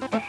Thank you.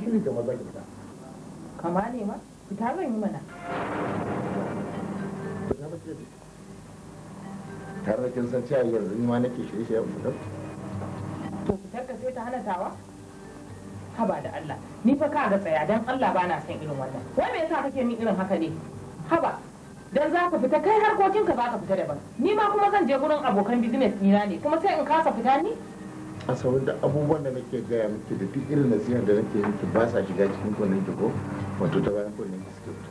kin shiri kamar zaki fita kama ne ma fita zan yi mana tare da kin san cewa yanzu ni ma nake shirye ya fitar to fitar ka sai ta hana tawa haba da Allah ni fa ka ga tsaya dan Allah bana son irin wannan wai me yasa kake min irin haka ne haba dan za ka fita kai harkokinka za ka fita daban ni ma kuma zan je gurin abokan business dina ne kuma sai in kasa fita ni a saurin da abubuwan da nake gaya miki da duk irin nasihar da nake miki ba sa shiga cikin kunnen ki ko wato ta bayan kunnen ki suke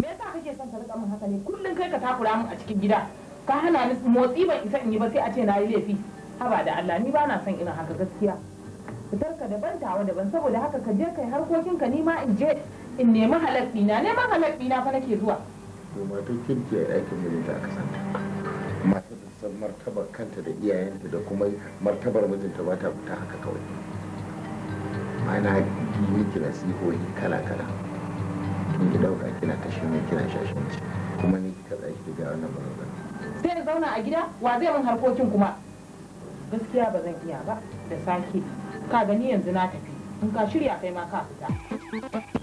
me yasa kake son ka rika min haka ne kullum kai ka takura min a cikin gida ka hana ni motsi ban isa in yi ba sai a ce na yi laifi haba da Allah ni ba na son irin haka gaskiya fitar ka daban tawa daban saboda haka ka je kai harkokin ka ni ma in je in nemi halal na neman halal na fa nake zuwa. to ma to kirki a ɗakin mijinta aka santa. san martabar kanta da iyayenta da kuma martabar mijinta ba ta fita haka kawai ana yi miki nasihohi kala-kala in ki dauka kina kashe mai kina shashanci kuma ni ka za ki ga wannan ba sai da zauna a gida wa zai min harkokin kuma gaskiya ba zan iya ba da sake ka gani yanzu na tafi in ka shirya kai ma ka fita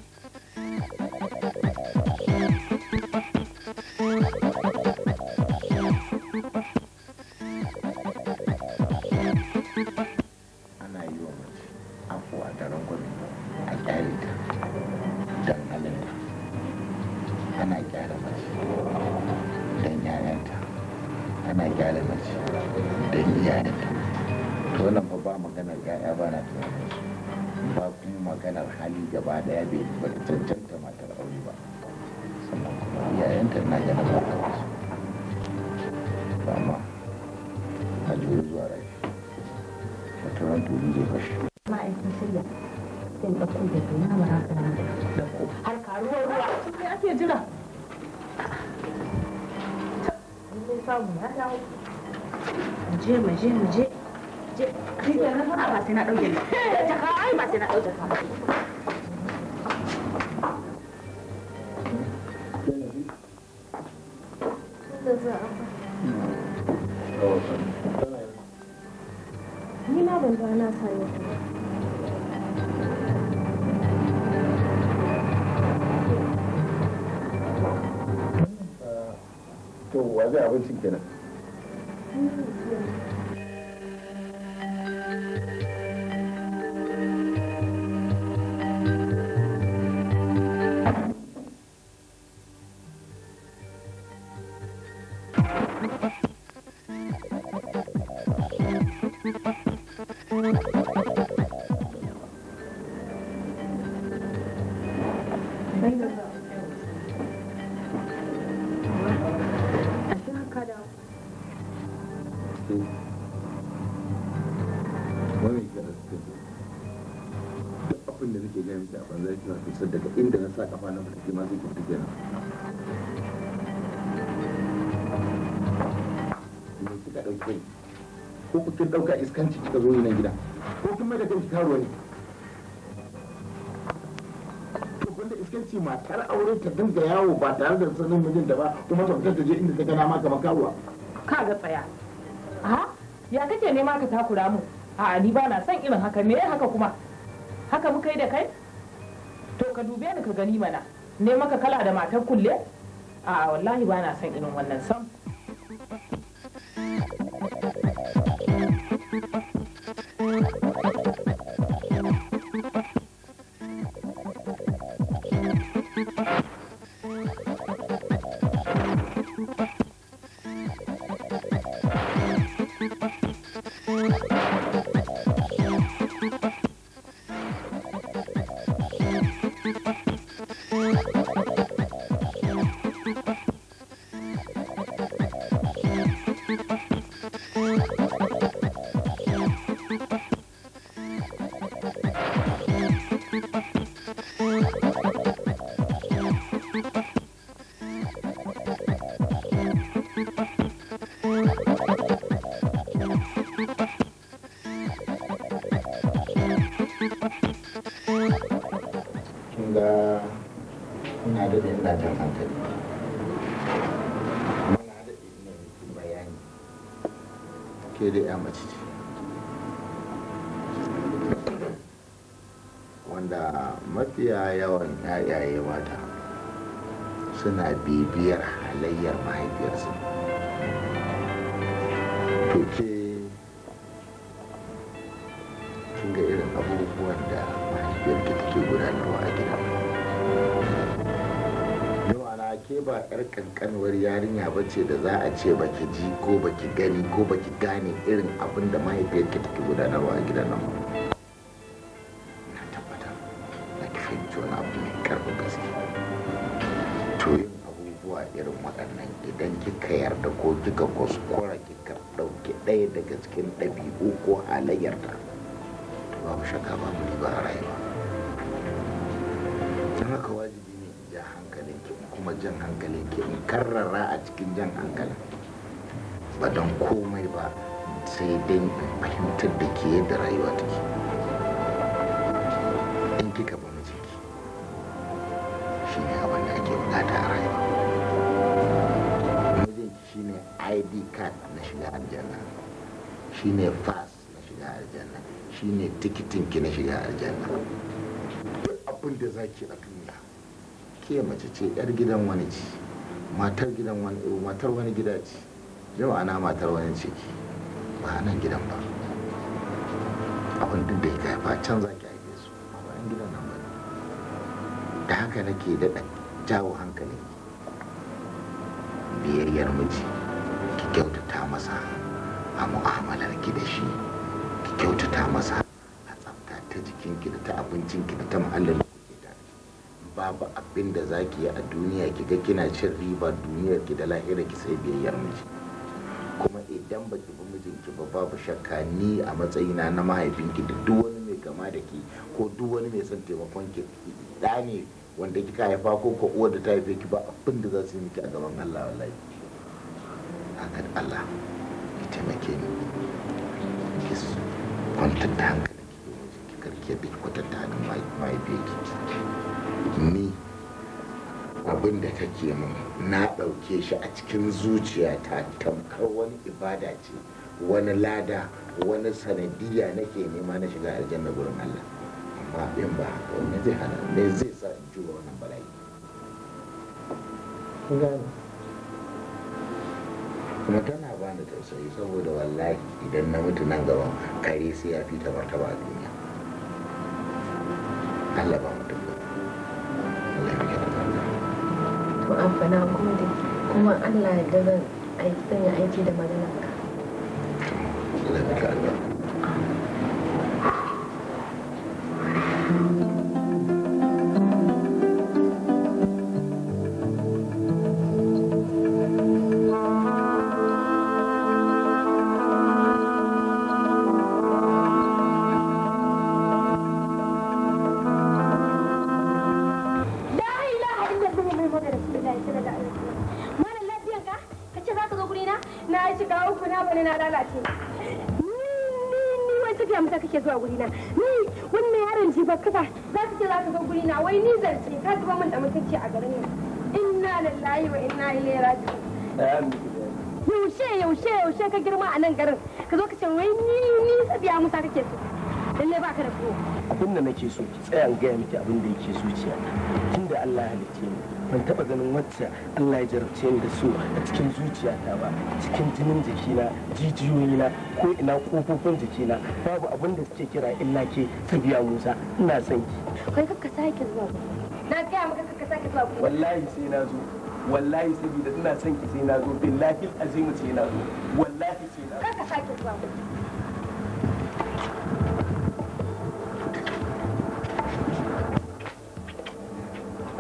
abincin kenan ko kuka kin dauka iskanci kika zo nan gida ko kin mai da kanki karuwa ne to banda iskanci matar aure ta dinga yawo ba tare da sanin mijinta ba kuma ta fitar ta je inda ta gana ma kamar karuwa ka ga tsaya a ya kake nema ka takura mu a ni ba na son irin haka me haka kuma haka muka yi da kai to ka dube ni ka gani mana ne maka kala da matar kulle a wallahi ba na son irin wannan sam Thank you. suna bibiyar halayyar mahaifiyarsu to ke ga irin abubuwan da mahaifiyarki take gudanarwa a gida yawana ke ba ƙar ƙanƙanwar yarinya ba ce da za a ce baki ji ko baki gani ko baki gane irin abin da mahaifiyarki take gudanarwa a gidan nan Ka yarda ko kika kuskura kika ɗauki ɗaya daga cikin ɗabi'u ko halayyarta to babu shakka babu riba a rayuwa don haka wajibi ne in ja ki kuma jan ki in karrara a cikin jan hankalin ba don komai ba sai dai fahimtar da ke yadda rayuwa take shine fas na shiga aljanna shine tikitin ki na shiga aljanna duk abin da za ki a duniya ke mace ce yar gidan wani ce matar gidan wani eh, matar wani gida ce jama'a na matar wani ciki? ba nan gidan ba abin duk da ya ba can ki haife su ba yan gidan nan ba da haka nake daɗa jawo hankali. biyayyar miji ki kyautata masa a mu'amalar ki da shi ki kyautata masa a tsafta ta jikinki da ta abincinki da ta muhallin babu abin da za ki yi a duniya ki ga kina cin riba duniyar ki da lahira ki sai biyayyar miji kuma idan ba ki bi mijinki ba babu shakka ni a matsayina na mahaifinki da duk wani mai gama da ki ko duk wani mai son taimakon ki da ne wanda kika haifa ko ko uwar da ta haife ki ba abin da za su yi miki a gaban Allah wallahi Allah nake ne ki kwantar da hankali ki karke bi kwatanta halin mahaifiyarki ni abin da kake min na ɗauke shi a cikin zuciyata tamkar wani ibada ce wani lada wani sanadiyya nake nema na shiga aljanna gurin Allah amma in ba haka wani zai hana me zai sa in jura wannan bala'i kuma tana sosai saboda wallahi idan na mutu nan gaban kare sai ya fita martaba a duniya Allah ba mutum ba Allah ya fi to an kuma Allah ya zan aiki da magana Allah ya zo na na shiga uku na bane na lalace ni ni wai tafiya mata kake zuwa guri ni wannan yaron ji ba kafa za ka ce za ka zo guri wai ni zance ka zuba min da mutunci a garin nan inna lillahi wa inna ilaihi raji'un yaushe yaushe yaushe ka girma a nan garin ka zo ka ce wai ni ni tafiya musa kake so lalle baka da ko abin da nake so ki tsaya in gaya miki abin da yake zuciya tunda Allah ya halicce ni ban taba ganin wacce Allah ya jarabce ni da su a cikin zuciyata ba cikin jinin jikina jijiyoyina ko ina kofofin jikina babu abin da suke kira illa ke sabiya Musa ina son ki kai kakka sake zuwa na ga maka kakka sake zuwa wallahi sai na zo wallahi saboda ina son ki sai na zo billahi azimi sai na zo wallahi sai na zo kakka sake zuwa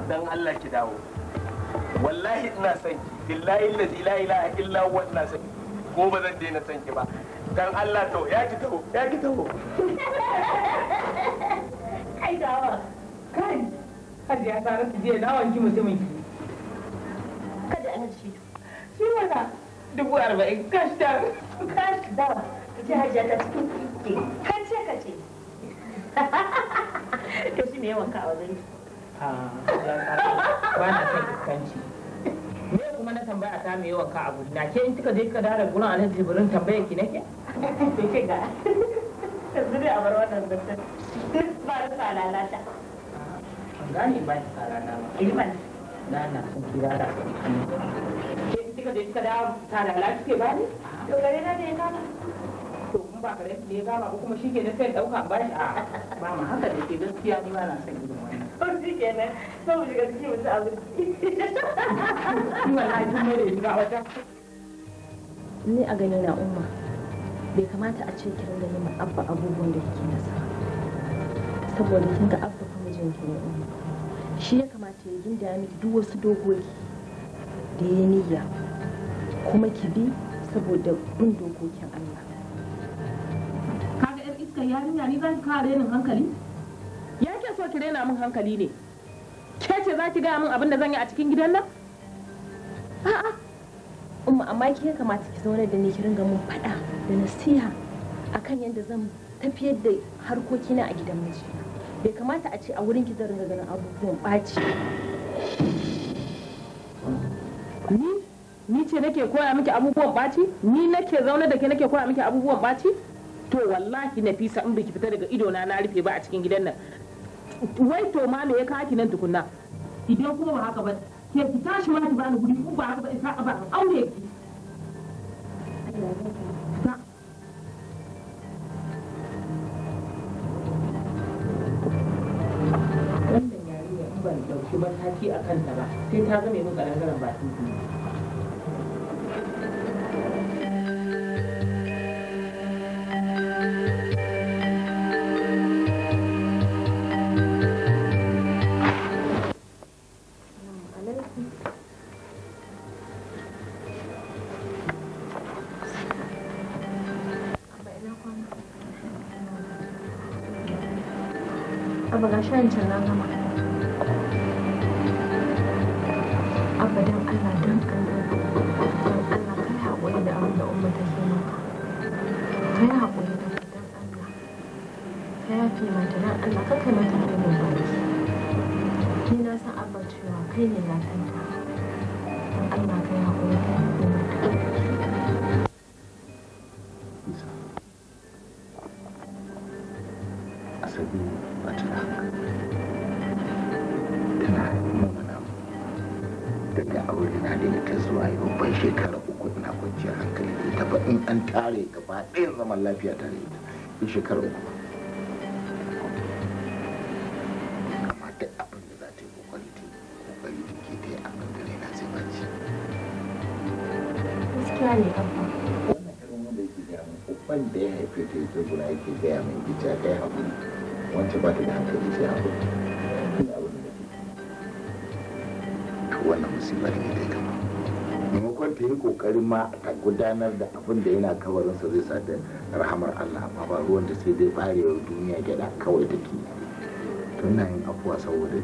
dan Allah ki dawo wallahi ina son ki billahi allazi la ilaha illa huwa ina son ki ko ba zan daina son ki ba dan Allah to ya ki taho ya ki taho kai dawo kai hadi ya tsara su je dawon ki mutumin ki kada an ci shi wala dubu arba'in kashi da kashi da ki hajiya ta cikin kace kace to shi ne yawan ka a Ah, ba na son iskanci me kuma na tambaya ta me yawan ka abu na ke in kika je ka dara gurin alhaji jibrin tambaya ki nake to ke ga yanzu dai a bar wannan zancen ba da salala ta an gane ba da salala ba ilman na na sun kira da ke in kika je kika dara salala kike ba ni to gare na ne kana to kuma ba kare ne ba ba kuma shi ke na sai dauka ba shi a ba ma haka da ke gaskiya ni ba na son shi ni a gani na umma bai kamata a ce kiran da abba abubuwan da kike nasa saboda kin ga abba kuma mijin ki ne shi ya kamata ya gindaya miki duk wasu dokoki da ya niyya kuma ki bi saboda bin dokokin Allah kaga yar iska yarinya ni ki kare ni hankali ya ke so ki rena min hankali ne ke ce za ki gaya min abin da zan yi a cikin gidan nan a'a umma amma ki kamata ki zauna da ni ki ringa mun fada da nasiha akan yadda zan tafiyar da harkokina a gidan miji bai kamata a ce a wurin ki zan ringa ganin abubuwan ɓaci ni ni ce nake koya miki abubuwan ɓaci ni nake zaune da ke nake koya miki abubuwan ɓaci to wallahi nafisa in biki fita daga idona na rufe ba a cikin gidan nan wai to ma me ya kaki nan tukunna idan kuma ba haka ba ke ki tashi ma ki bani guri ko ba haka ba isa ba aure ki wannan ta in mataki a kanta ba sai ta zama mai ƙarangaren karangaran ba tuntuni zaman lafiya tare da ita in shekarar kokari ma a gudanar da abin da yana sa zai sa da rahamar Allah amma ba ruwan da sai dai barewar duniya gyada kawai take tun ina yin afuwa saboda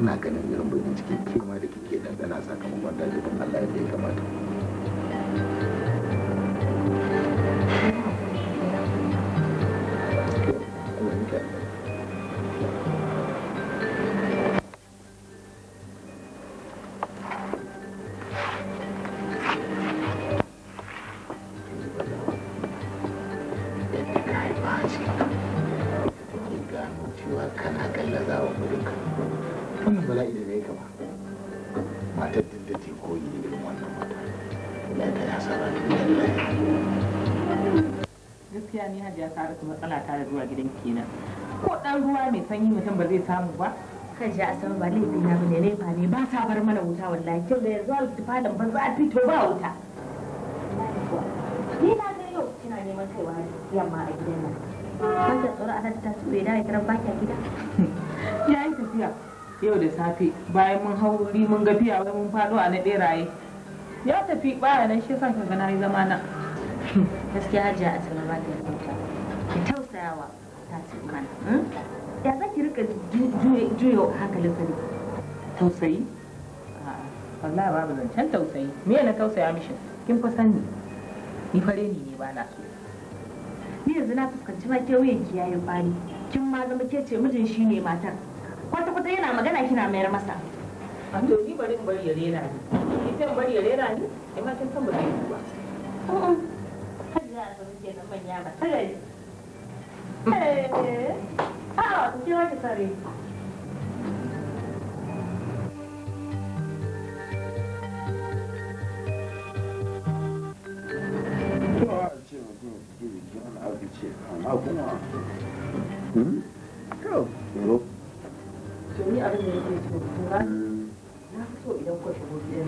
ina ganin irin bugun cikin kima da kike dandana sakamakon da Allah ya ya kamata. a ciki gano cewa kana gallaza wa kudinka wannan bala'i da zai gaba. matar duk da yi ne irin wannan mata na ta ya sara da gaskiya ni hajiya ta rasa matsala ta da zuwa gidan kenan ko ɗan ruwa mai sanyi mutum ba zai samu ba kan shi a sama ba laifi na bane laifa ne ba sa bar mana wuta wallahi Kyau da yanzu al tufalan ban za a fito ba wuta ni na ga yau kina neman kaiwa yamma a gidan nan ban da tsoro a ta su bai dawo kiran baki a gida ya yi tafiya yau da safe bayan mun hau hauri mun ga fiya wai mun fado a na beraye ya tafi baya nan shi sa ka ga na yi zama na gaskiya hajiya a tsoro ba ta kyauta ki tausayawa ta ce mana hmm? ya za ki rika juyo haka ka ne tausayi wallahi babu zancen tausayi me na tausaya mishi kin fa sani ni fare ni ne ba na so ni yanzu na fuskanci ma ke wuyan ki yayin bani kin ma zama ke ce mijin shi ne matar kwata kwata yana magana kina mayar masa a ah, to ni bari in bari ya rera ni ni zan bari ya rera ni ai ma kin san ba zai yi ba a'a kada za ta muke nan manya ba kada eh. a'a ah, ki wata sare kuma hm? ni so na fi so idan ku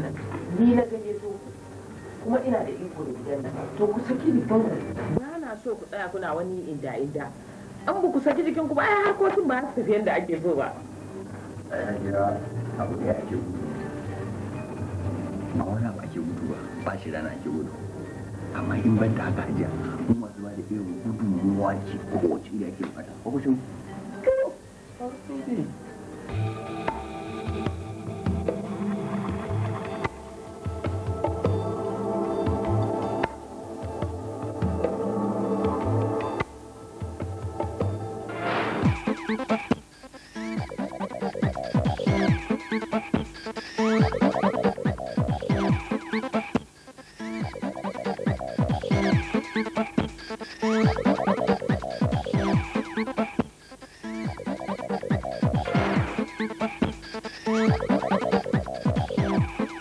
nan ni na so kuma ina da gidan nan to ba na so ku tsaya kuna wani inda inda an ba ku saki jikin ku ba ai harkokin ba su tafi yadda ake so ba ya jira abu da ake gudu ba wani abu ake gudu ba ba shi rana ake gudu amma in ban da haka hajiya mu 我只顾着自己玩了，我不行。go，好兄弟。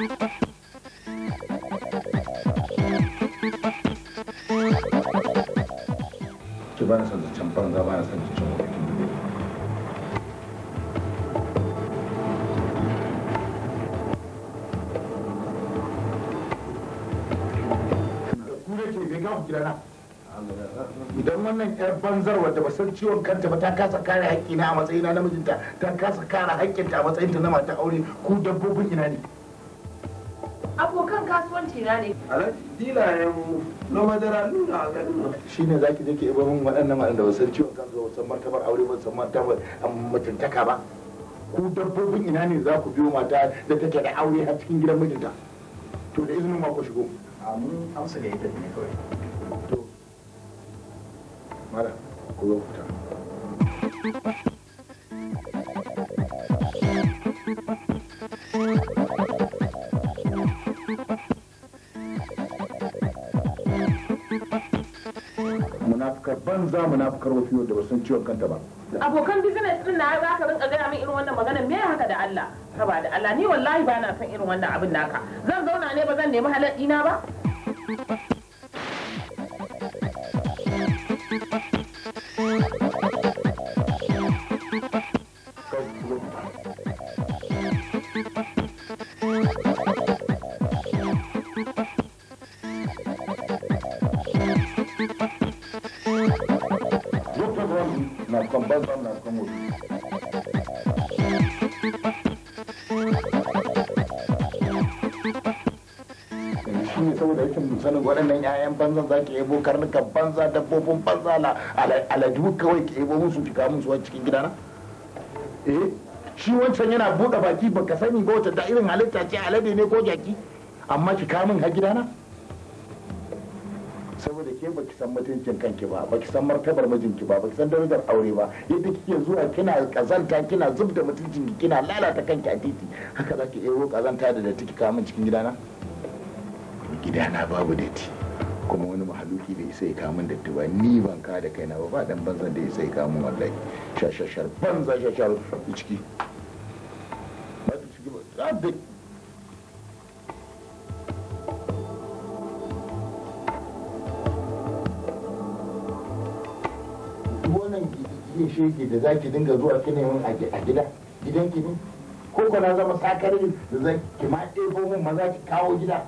Ki bana son zancen idan wannan yar banzar wadda ba san ciwon kanta ba ta kasa kare haƙƙina a matsayina na mijinta ta kasa kare haƙƙinta a matsayinta na mata aure ko dabbobin ina ne aiki na ne alhaji dilayen na madara nuna a garin nan shine zaki je ki ibo min waɗannan waɗanda ba san ciwon kansu ba san martabar aure ba san martabar um, mutuntaka ba ku dabbobin ina ne za ku biyo mata da take da aure a cikin gidan mijinta to da izinin ma ku shigo a mun amsa da ita ne kawai to mara ku zo fita banza munafikar wafiyo da basan ciwon kanta ba abokan business din na za ka rinka gaya min irin wannan magana me haka da Allah haba da Allah ni wallahi ba na son irin wannan abin naka zan zauna ne ba zan nemi haladdi na ba zan za ki yabo karnukan banza dabbobin banza na aladu kawai ki yabo musu ki kawo musu cikin cikin gidana eh shi wancan yana buɗe baki baka sani ba wata da irin halitta ce alade ne ko jaki amma ki kawo min gida na saboda ke ki san mutuncin kanki ba ba ki san martabar mijinki ba ba ki san darajar aure ba yadda kike zuwa kina kazanta kina zubda da mutuncin kina lalata kanki a titi haka zaki yabo kazanta da da ki kawo min cikin gidana gidana babu datti kuma wani mahaluki bai sai ka min datti ba ni ban ka da kaina ba ba dan banzan da ya sai ka min wallahi shashashar banza shashar ciki ba ta ciki ba wannan gidan shege da za ki dinga zuwa ki a gida gidan ki ne ko ko na zama sakarin da za ki ma ɗebo mun maza ki kawo gida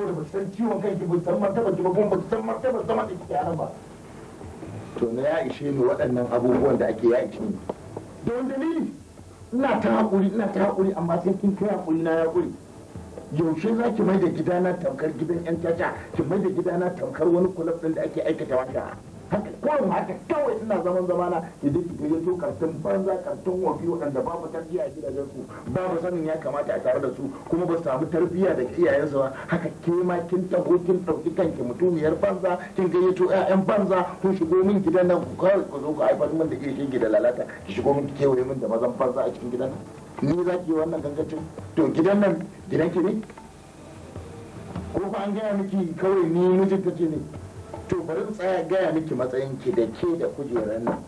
saboda ba san ciwon kanki ba san martaba ki ba kuma ba san martaba zama da kike anan ba to na ya ishe ni waɗannan abubuwan da ake ya ishe ni don dalili ina ta hakuri ina ta hakuri amma sai kin kai hakuri na ya hakuri yaushe za ki mai da gidana tamkar gidan yan caca ki mai da gidana tamkar wani kulab ɗin da ake aikata wata haka kurin haka kawai ina zaman zamana ya duk ya to kartun banza kartun wafi waɗanda babu tarbiyya a gidajen su babu sanin ya kamata a tare da su kuma ba su samu tarbiyya da iyayensu ba haka ke ma kin taho kin ɗauki kanki mutumiyar banza kin gayyato ƴaƴan banza kun shigo min gidan nan ku kawai ku zo ku haifar min da iyakin gida lalata ki shigo min kewaye min da mazan banza a cikin gidan nan ni za ki yi wannan gangacin to gidan nan gidan ki ne ko fa an gaya miki kawai ni mijinta ce ne to bari tsaya gaya miki matsayin ki da ke da kujeran nan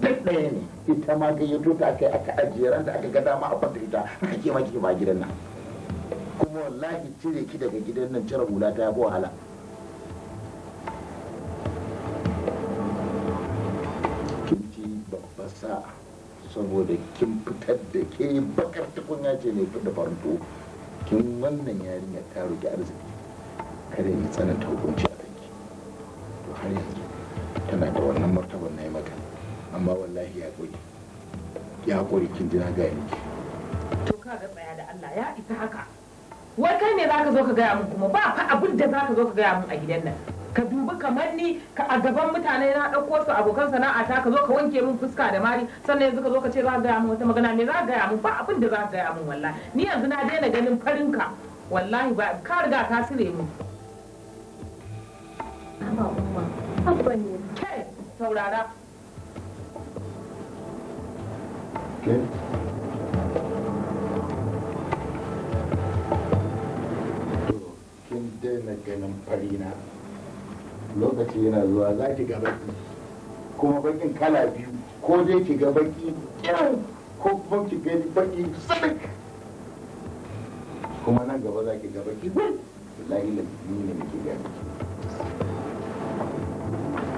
duk ɗaya ne ita ma gayyato ta kai aka ajiye da aka ga dama a kwanta ita aka ke maki ba gidan nan kuma wallahi cire ki daga gidan nan cire hula ta yabo wahala kin ci babbar saboda kin fitar da ke bakar tukunya ce ne da farko kin wannan yarinya ta roki arziki kada ya tsananta hukunci to har yanzu tana da wannan martabar na yi an amma wallahi ya ƙuri ya ƙuri kin jina ga gaya to ka ga tsaya da Allah ya isa haka wai kai ne zaka zo ka gaya mun kuma ba fa abin da zaka zo ka gaya mun a gidan nan ka dubi kamar ni ka a gaban mutane na ɗauko su abokan sana'a ta ka zo ka wanke min fuska da mari sannan yanzu ka zo ka ce za ka gaya min wata magana me za ka gaya min ba abin da za ka gaya min wallahi ni yanzu na daina ganin farinka wallahi ba ka riga ka sire mu To, kin daina ganin na Lokaci yana zuwa za ki ga baki. Kuma bakin kala biyu, ko dai ki ga baki kirin ko kuma ki ga baki sadik. Kuma nan gaba za ki ga baki. Wallahi da ne muke gani.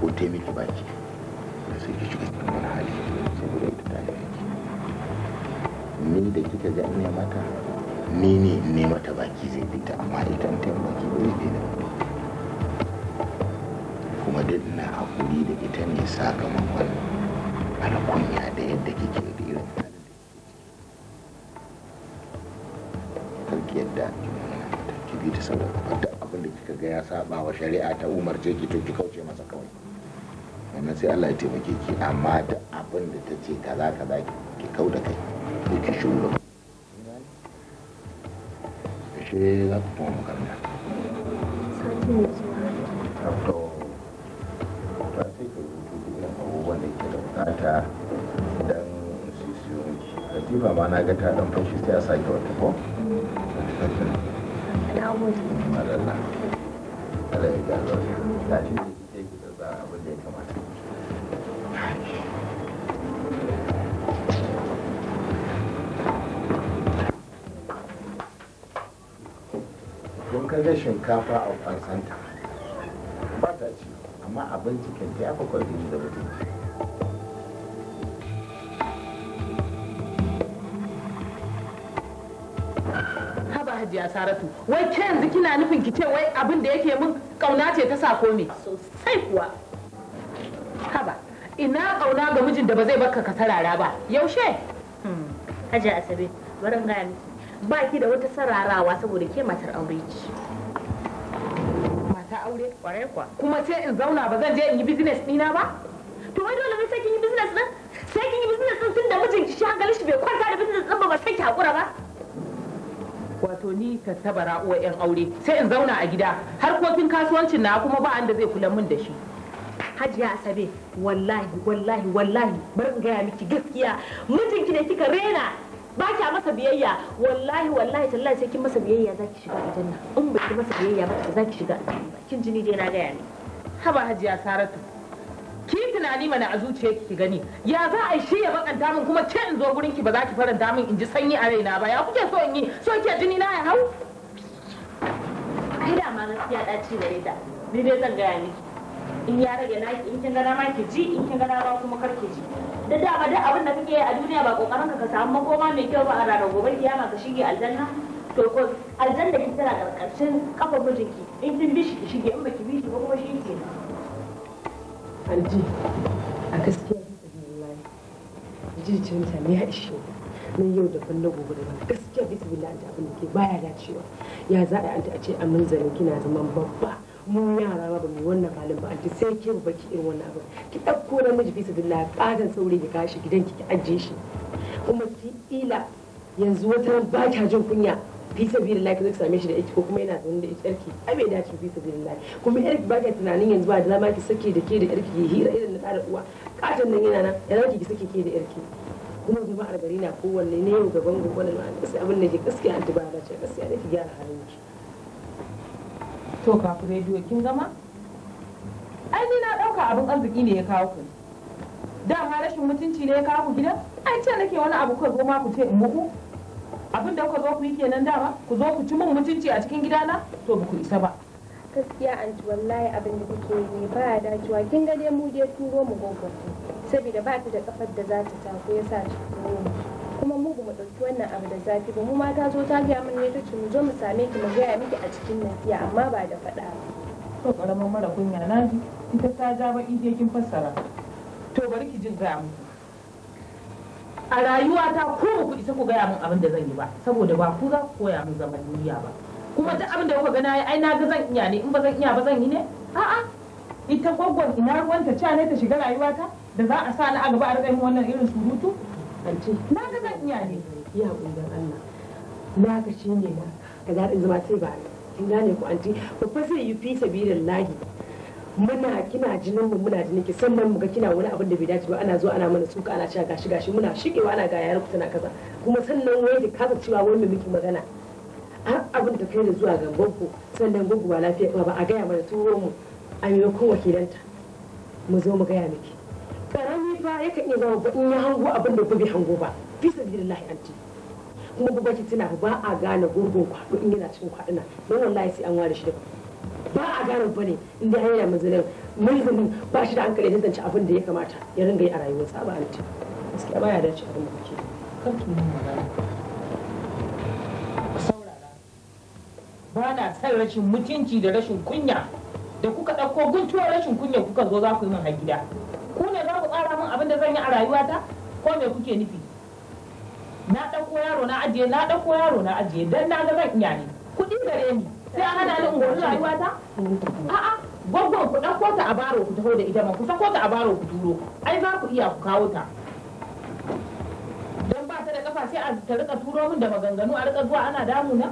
ko taimaki ba baki da sai ki shiga cikin wani hali saboda ita ta yi ni da kika ga ina mata ni ne ne mata baki zai fita amma ita an ta baki ba zai fita kuma duk na hakuri da ita ne sakamakon alkunya da yadda kike da irin halin da yadda ki bi ta saboda abin da kika ga ya saba wa shari'a ta umarce ki to ki kauce masa kawai Na sai Allah ya taimake ki amma da abin da ta ce kaza kaza ki kau da kai ko ki shuru shi za ku kuma makaranta ma na ga ta dan fashi sai a sake wata ko? Mm. shinkafa a kwansanta ba ta ci amma abinci kenta ya fi kwanci da mutum haba hajiya saratu wai ke yanzu kina nufin ki ce wai abin da yake min kauna ce ta sako ne sosai kuwa haba ina kauna ga mijin da ba zai baka ka sarara ba yaushe hmm, hajiya asabe barin gaya miki ba ki da wata sararawa saboda ke matar aure ce aure kwarai kwa kuma sai in zauna ba zan je in yi business dina ba to wai dole sai kin yi business din sai kin yi business din tunda mijin ki shi shi bai kwanta da business din ba ba sai ki hakura ba wato ni ta tabara uwa yan aure sai in zauna a gida har harkokin kasuwancin na kuma ba da zai kula min da shi hajiya asabe wallahi wallahi wallahi bari in gaya miki gaskiya mijinki ne kika rena ba kya masa biyayya wallahi wallahi tallahi sai kin masa biyayya zaki shiga aljanna in ba ki masa biyayya ba za ki shiga aljanna kin jini dai na gaya ne haba hajiya saratu ki tunani mana a zuciya ki gani ya za a shi ya bakanta min kuma ce in zo gurin ki ba za ki faranta min in ji sanyi a raina ba ya kuke so in yi so ke jini na ya hau ai da ma gaskiya daci gare ta ni dai zan gaya miki in ya rage naki in kin gana ma ki ji in kin gana ba kuma kar ki ji da dama duk abin da kake yi a duniya ba kokarin ka samu makoma mai kyau ba a ranar gobe kiyama ka shige aljanna to ko aljanna ki tana karkashin kafa mijinki in kin bi shi ki shige in ba bi shi ba kuma shi ke Anti, a gaskiya jijinta ne ya ishe na yau da ban na gobe da ban gaskiya bisa billahi abin da ke baya dacewa ya za a yi a ce amin zane kina zaman babba mu yara ba mu wannan halin ba anti sai ke ba ki irin wannan abu ki na miji bisa dilla kadan saurayi ki kashi gidan ki ajiye shi kuma ki ila yanzu wata ran ba kya jin kunya fi sabili lafi zai same shi da yake ko kuma yana zaune da yarki ai bai dace fi sabili lafi kuma yarki ba ka tunanin yanzu ba da ma ki sake da ke da yarki ya hira irin na tsara uwa katon nan yana nan yana ki sake ke da yarki kuma jama'ar gari na kowanne ne yau gaban gobe na ma'ana abin da ke gaskiya anti ba da ce gaskiya da ki gyara halin ki to kafin rediyo kin gama ai ni na ɗauka abin arziki ne ya kawo ku ma rashin mutunci ne ya kawo ku gidan ai ce nake wani abu kai goma ku ce in muku abin da kuka zo ku yi kenan dama ku zo ku ci mun mutunci a cikin gidana to ba ku isa ba gaskiya an anti wallahi abin da kuke yi ba ya dacewa kin ga dai mu dai turo mu gogo saboda ba ta da kafar da za ta tako yasa ta turo mu kuma mu ba mu ɗauki wannan abu da zafi ba mu ma ta zo ta gaya mana ne ta ce mu zo mu same ki mu gaya miki a cikin lafiya amma ba da faɗa ba. to ƙaramin mara kunya na ji ita ta ja ba ije kin fassara to bari ki jin gaya muku a rayuwata ko ba ku isa ku gaya min abin da zan yi ba saboda ba ku za ku koya min zaman duniya ba kuma duk abin da kuka ga na yi ai na ga zan iya ne in ba zan iya ba zan yi ne a'a ita gwaggwar ina ruwanta ca ne ta shiga rayuwata da za a sa ni a gaba a rika wannan irin surutu anti na ga zan iya ne ya kundan Allah na ga shi ne na ka zaɗi zama sai ba kin gane ku anti babba zai yi fi lahi. muna kina jinin mu muna jinin ki san mu ga kina wani abin da bai dace ba ana zo ana mana suka ana cewa gashi gashi muna shigewa ana ga yayar ku tana kaza kuma sannan wai da kasa cewa wai miki magana har abin da kai da zuwa ga ku sannan gogo ba lafiya ba a gaya mana turo mu a maimakon wakilanta mu zo mu gaya miki karami ya yakan iya zama in ya hango abin da bai hango ba fi sabilillahi anti kuma ku baki tuna ba a gane gurgun kwaɗo in yana cikin kwaɗina don wallahi sai an ware shi da ba a gane ba ne in dai yana mazalin mulkin ba shi da hankali ya tantance abin da ya kamata ya ringa yi a rayuwar sa ba anti gaskiya baya dace abin da kake kan ki mun magana saurara ba na san rashin mutunci da rashin kunya da kuka ɗauko guntuwar rashin kunya kuka zo za ku yi min a gida ku ne abin da zan yi a rayuwata ko me kuke nufi na ɗauko yaro na ajiye na ɗauko yaro na ajiye dan na ga zan iya ne kuɗi gare ni sai an hana ni in gori rayuwata a'a gwaggon ku ɗauko ta a baro ku taho da ita ma ku sako ta a baro ku turo ai za ku iya ku kawo ta dan ba ta da kafa sai a ta rika turo min da maganganu a rika zuwa ana damu na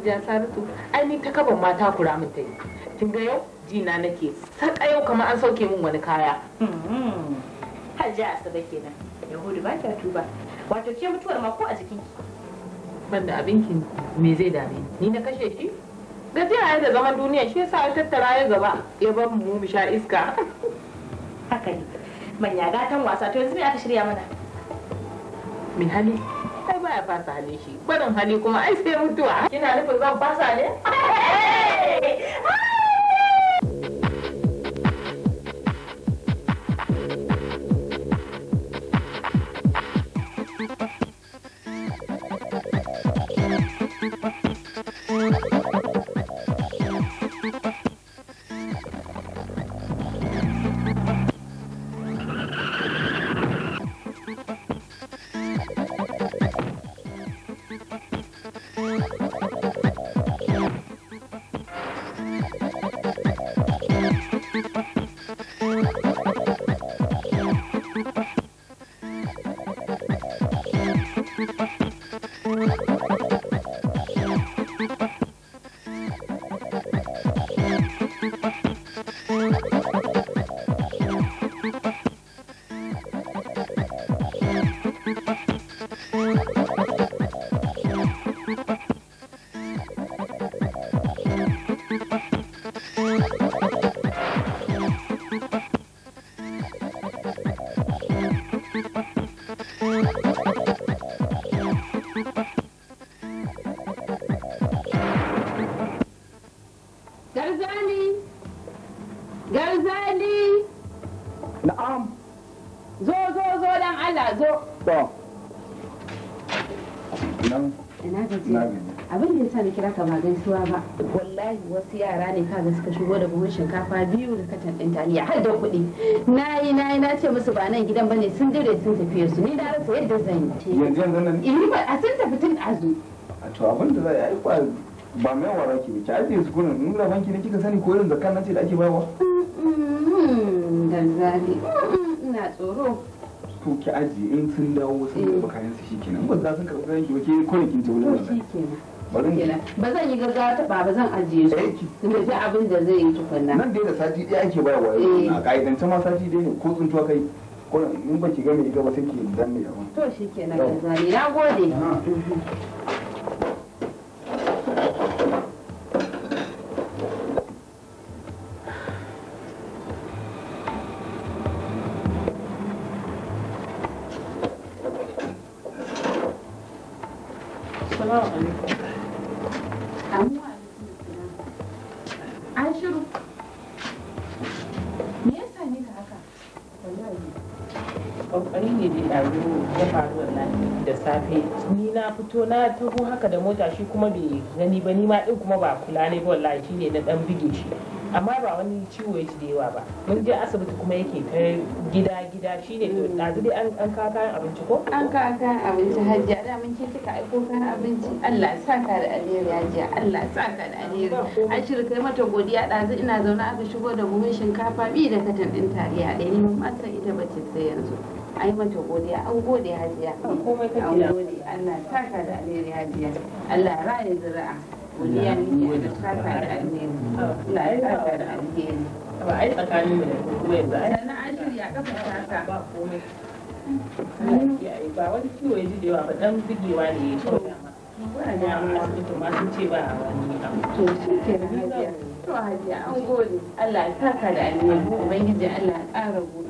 hajiya saratu ai ni ta kaban mata kura min ta yi kin ga yau jina nake saka yau kamar an sauke min wani kaya hmm. hajiya asabe kenan yahudu ba ta tuba wato ke mutuwar ma ko a jikin ki ban da ki me zai dame ni na kashe shi gajiya ya da zaman duniya shi yasa ya tattara ya gaba ya bar mu mu sha iska haka ne manya gatan wasa to yanzu me aka shirya mana min hali ai baya fasa halin shi barin hali kuma ai sai mutuwa kina nufin zan fasa ne mantuwa ba wallahi wasu yara ne kaga suka shigo da buhun shinkafa biyu da katan din taliya har da kuɗi na yi na ce musu ba nan gidan bane sun dire sun tafi su ni na rasa yadda zan yi yanzu yanzu nan eh ba a sun tafi tun azu a to abin da za a yi kwa ba mai wara ki ba ki ajiye su kunan mun raban banki ne kika sani ko irin zakka nace ce da ake bawa. dan garzali ina tsoro ko ki ajiye in sun dawo sun ga eh. kayan su shikenan ba za sun karɓi kayan ba ke kone kin wani shikenan ba zan yi gaggawa taɓa ba zan ajiye su eh? tunda ji abin da zai yi tukunna nan dai da sati ɗaya ake ba wa eh. a ƙa'idance ma sati dai ne ko tsuntuwa kai ko in ba ki gane ita ba sai ki danne yawa to shikenan gazali na gode ah, na fito na taho haka da mota shi kuma bai gani ba ni ma din kuma ba kula ne ba wallahi shine na dan bige shi amma ba wani ciwo ya da yawa ba mun je asibiti kuma yake ta gida gida shine ne to ɗazu dai an ka kayan abinci ko an ka kayan abinci hajji da mun ke kika aiko kayan abinci Allah sa ka da alheri hajji Allah sa ka da alheri an shirya kai mata godiya ɗazu ina zaune aka shigo da buhun shinkafa bi da katan din tariya dai ni mun ma ita bace sai yanzu ai mata godiya an gode hajiya an gode Allah ta ka da alheri hajiya Allah raya zira'a godiya miki da saka da alheri Allah ya saka da alheri ba ai tsakanin mu da kuma yanzu sannan an shirya kafa saka ba komai ba wani ciwo ya ji da yawa ba dan bigewa ne ya shirya ma wani asibiti ma sun ce ba wani abu to shi ke hajiya to hajiya an gode Allah ta ka da alheri ubangiji Allah ya ƙara gode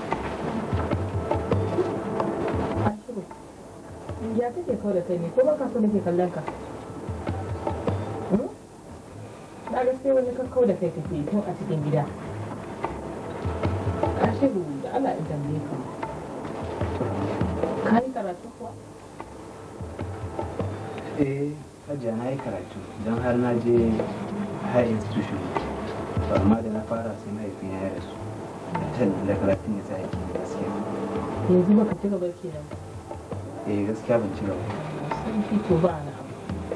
Ya kake kawo da kai ne, ko baka so nake kallon ka? Na ga sai wani kakkau da kai kake tun a cikin gida. Ka da ala in tambaye ka. Ka yi karatu kuwa? Eh, hajiya na yi karatu don har na je high institution. Amma da na fara sai mahaifina ya rasu. Da karatun ya sa ake gaskiya. Yanzu baka ci gaba kenan. eh gaskiya ban ci gaba sarki fito ba na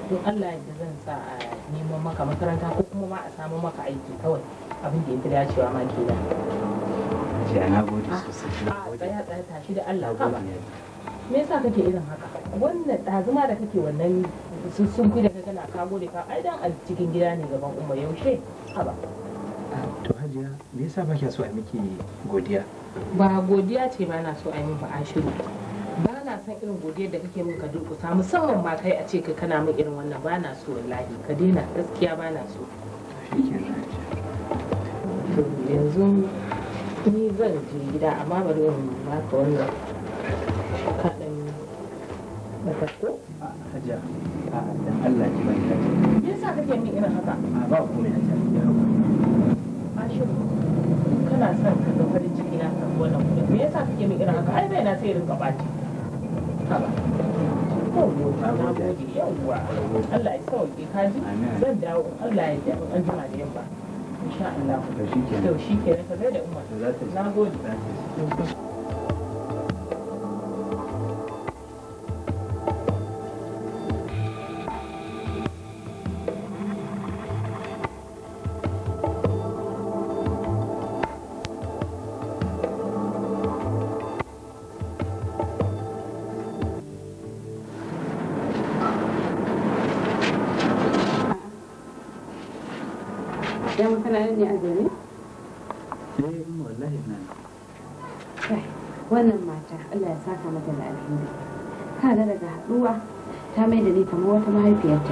don Allah yadda zan sa a neman maka makaranta ko kuma ma a samu maka aiki kawai abin da ya fi dacewa ma ke da ce na gode ah, sosai a ah, tsaya tsaya tashi da Allah ka ba me yasa kake irin haka wannan ɗazuma da kake wannan sun fi da ka kana kago da ka ai dan a cikin gida ne gaban umma yaushe haba to hajiya me yasa ba kya so a miki godiya ba godiya ce ba na so a yi min ba ashiru ba na san irin godiyar da kake min ka durkusa musamman ma kai a ce ka kana min irin wannan ba na so wallahi ka daina gaskiya ba na so yanzu ni zan je gida amma bari in baka wannan kaɗan na farko hajiya a dan Allah ki bai kaje me yasa kake min irin haka ba ku mai hajiya ya ashu kana son ka ga farin ciki na kan wannan me yasa kake min irin haka ai bai na sai rinka baci Allah ya sauke kaji zan dawo Allah ya dawo an jima da yamma insha Allah to shi kenan ka ga da umma na gode wata mahaifiyarta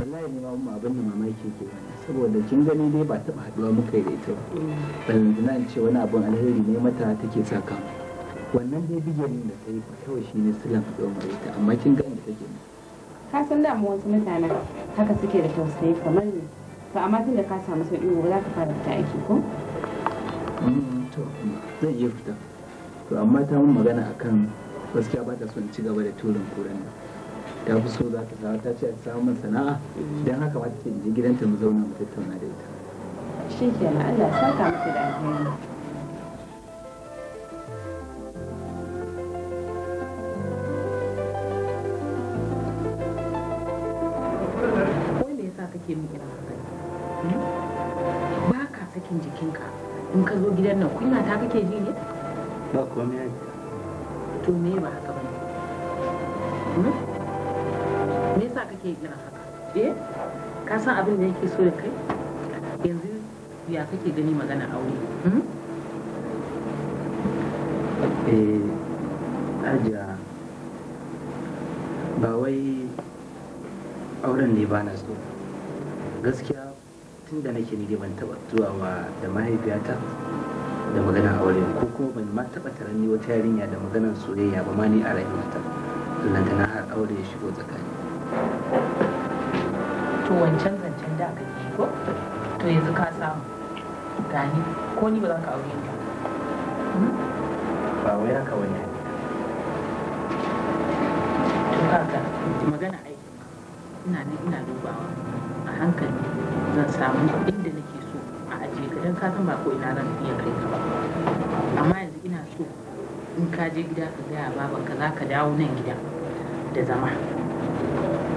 wallahi ne ma umma abin da mamaki ke saboda kin gani dai ba taba haduwa muka da ita ba yanzu na ce wani abun alheri ne mata take sa kan wannan dai bigirin da ta yi kawai shi ne sulan haduwa mu da ita amma kin gani da take ka san da mu wasu mutanen haka suke da tausayi kamar ni to amma tun da ka samu sauki ba za ka fara fita aiki ko mm, to zan iya fita to amma ta mun magana akan gaskiya ba ta son ci gaba da turin kuren nan ta fi so za ta samu ta ce a samun sana'a don haka ma take je gidanta mu zauna mu tattauna da ita shi na Allah sa ka miki da alheri hmm? ba ka sakin jikinka in ka zo gidan nan kunya ta kake ji ne ba komai to me ba ka san abin da yake so da kai yanzu ya kake gani magana aure hmm? eh ba wai auren ne ba na so gaskiya tun da nake ni ban taba zuwa wa da mahaifiyata da maganar aure ko kuma ban ma taba taranni wata yarinya da maganar soyayya ba ma ni a rayuwata lantana har aure ya shigo tsakani to wancan zancen da ka yi ko to yanzu ka samu gani ko ni ba za ka aure ba hmm? ba wai haka wani to kaka magana aiki ina ne ina dubawa a hankali zan samu inda nake so a aje ka don ka san ba ko ina zan iya kai ka ba amma yanzu ina so in ka je gida ka gaya babanka za ka dawo nan gida da zama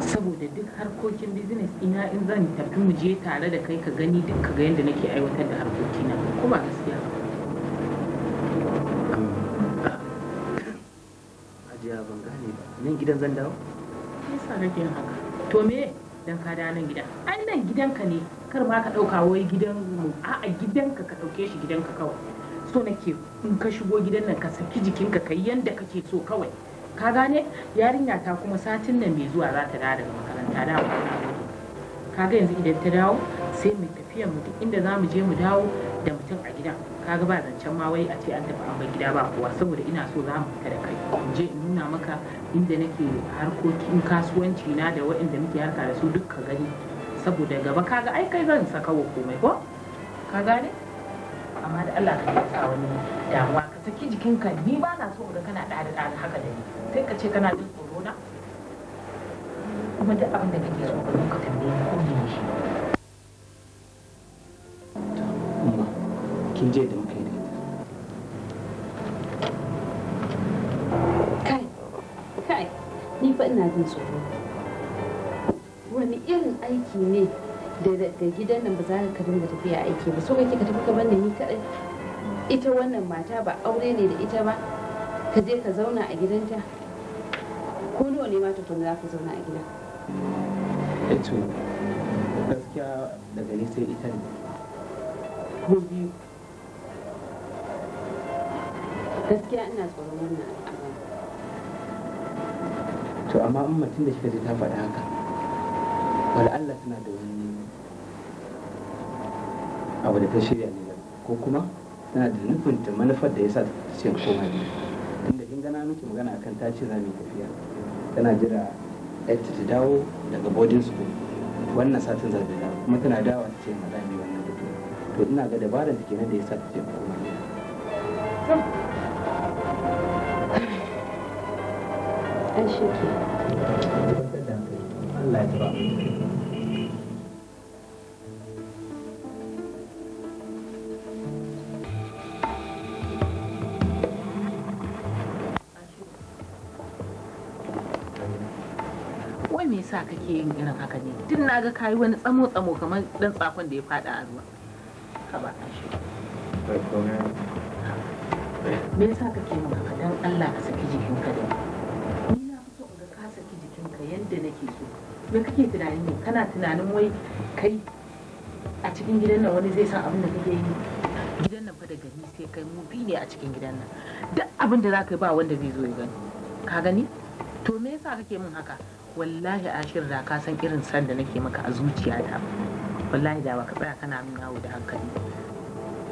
saboda duk harkokin business ina in zan tafi mu je tare da kai ka gani duk ka ga yadda nake aiwatar da harkokina ko ba gaskiya ba ajiya ban gane ba nan gidan zan dawo yasa kake yin haka to me dan ka da nan gidan. ai nan gidan ka ne kar ma ka dauka wai gidan mu a'a gidan ka ka dauke shi gidan ka kawai so nake in ka shigo gidan nan ka saki jikinka kai yanda kake so kawai ka gane yarinya ta kuma satin nan mai zuwa za ta dawo daga makaranta da mu yanzu idan ta dawo sai mu tafiya mu duk inda za mu je mu dawo da mutum a ka kaga ba zancen ma wai a ce an tafi an bar gida ba kowa saboda ina so za mu fita da kai in je in nuna maka inda nake harkokin kasuwanci na da waɗanda muke harka da su duk ka gani saboda gaba kaga ai kai zan saka wa komai ko ka gane amma da Allah ka sa wani damuwa ka saki jikinka ni ba na so ga kana ɗari ɗari haka da ni sai ka ce kana jin corona kuma duk abin da kake so ka ka tambaye ko ne shi kin je da muka yi kai kai ni fa ina jin tsoro wani irin aiki ne Da gidan nan ba za ka dinga tafiya aiki ba so kake ka tafi kamar da ni kaɗai ita wannan mata ba aure ne da ita ba ka je ka zauna a gidanta ko nawa ne mata tun za ka zauna a gida eto eh gaskiya daga ni sai ita ne ko biyu gaskiya ina tsoron wannan to amma in mutum da shi ka je ta faɗa haka wala Allah tana da abu da ta shirya ne ko kuma tana da nufin ta manufar da ya sa ta ce ne tunda in gana miki magana akan ta ce za mu tafiya tana jira yadda ta dawo daga boarding school wannan satin zai dawo kuma tana dawo ta ce maza ne wannan hoto to ina ga dabarar da kenan da ya sa ta ce ne. Ai shi ke. Allah ya sa kake yin irin haka ne tun na ga kayi wani tsamo tsamo kamar dan tsakon da ya fada a ruwa ka ba me yasa kake yin haka dan Allah ka saki jikinka da ni na fi ga ka saki jikinka yadda nake so me kake tunani ne kana tunanin wai kai a cikin gidan nan wani zai san abin da kake yi gidan nan fa da gani sai kai mu bi ne a cikin gidan nan duk abin da za ka yi ba wanda zai zo ya gani ka gani to me yasa kake min haka wallahi a da ka san irin san da nake maka a zuciya da wallahi da ka tsaya kana min yawo da hankali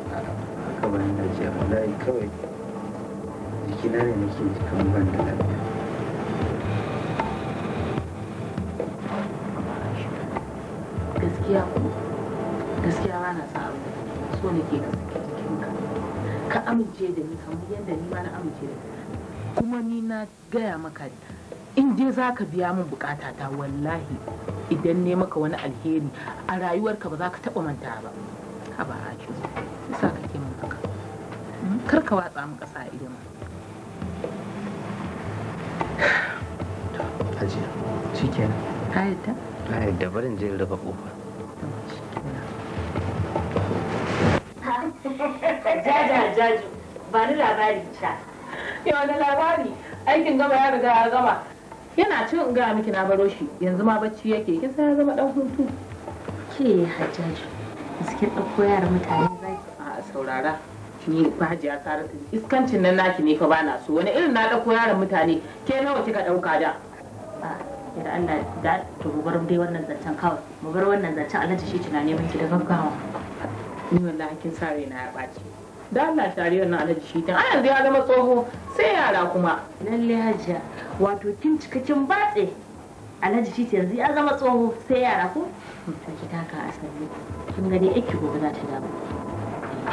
haka ba da ce wallahi kawai jikina ne nake cikin ban da lafiya gaskiya gaskiya ba na sa so nake ka saki jikinka ka amince da ni kamar yadda ni ma na amince da kuma ni na gaya maka in dai za ka biya min bukata ta wallahi idan ne maka wani alheri a rayuwarka ba za ka taba manta ba a ba a ki sa ka ke min haka hmm? kar ka watsa min kasa a idan Hajiya, shi Na barin je rufe kofa. Jaja jaju, ba ni labari ta. Yau da labari? aikin gama ya riga ya gama yana cin ga miki na baro shi yanzu ma bacci yake kin sai ya zama dan hutu ke hajjaji suke ɗauko yaran mutane zai a saurara ni ba hajiya saratu iskancin nan naki ne fa ba na so wani irin na ɗauko yaran mutane ke nawa kika ɗauka da da Allah da to mu bar dai wannan zancen kawai mu bar wannan zancen Allah shi tunane miki da gaggawa ni wallahi kin sare na ya ɓaci da Allah shari'a na alhaji shi a yanzu ya zama tsoho sai yara kuma lalle hajiya wato kin cika kin batse alhaji shi yanzu ya zama tsoho sai yara ko to ki taka asali kin dai aiki gobe za ta damu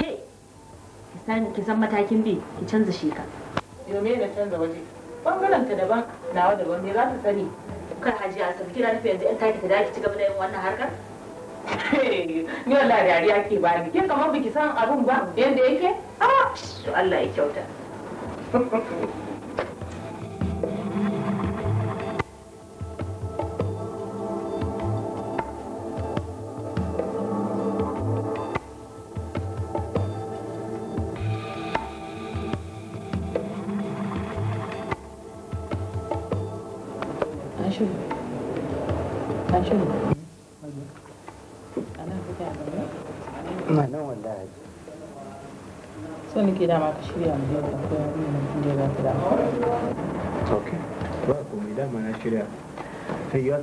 he ki san matakin bi ki canza shi ka yo me na canza waje bangaren ta daban nawa daban me za ta sani kar hajiya asali kina nufi yanzu in taki ta ki ci gaba da yin wannan harkar ni Allah dariya ke ba ni ke kamar biki san abun ba yanda yake ah, to Allah ya kyauta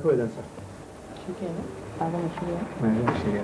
shirya kawai zan sa shi kenan a gama shirya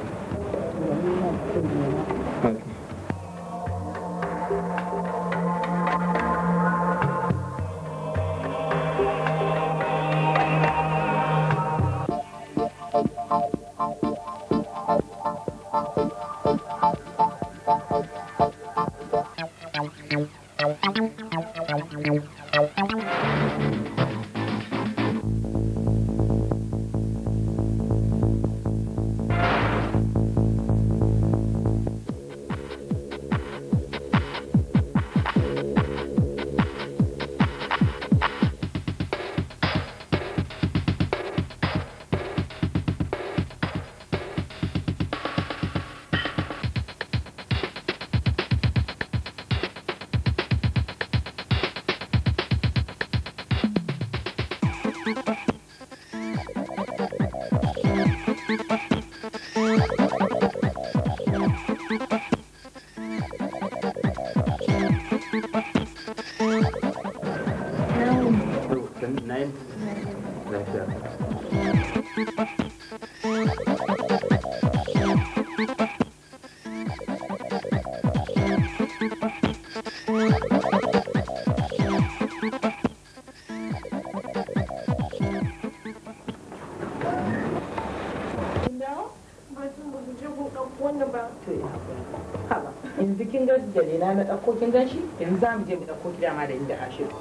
ɗauko kin yanzu za mu je mu ɗauko gida ma da inda ashiru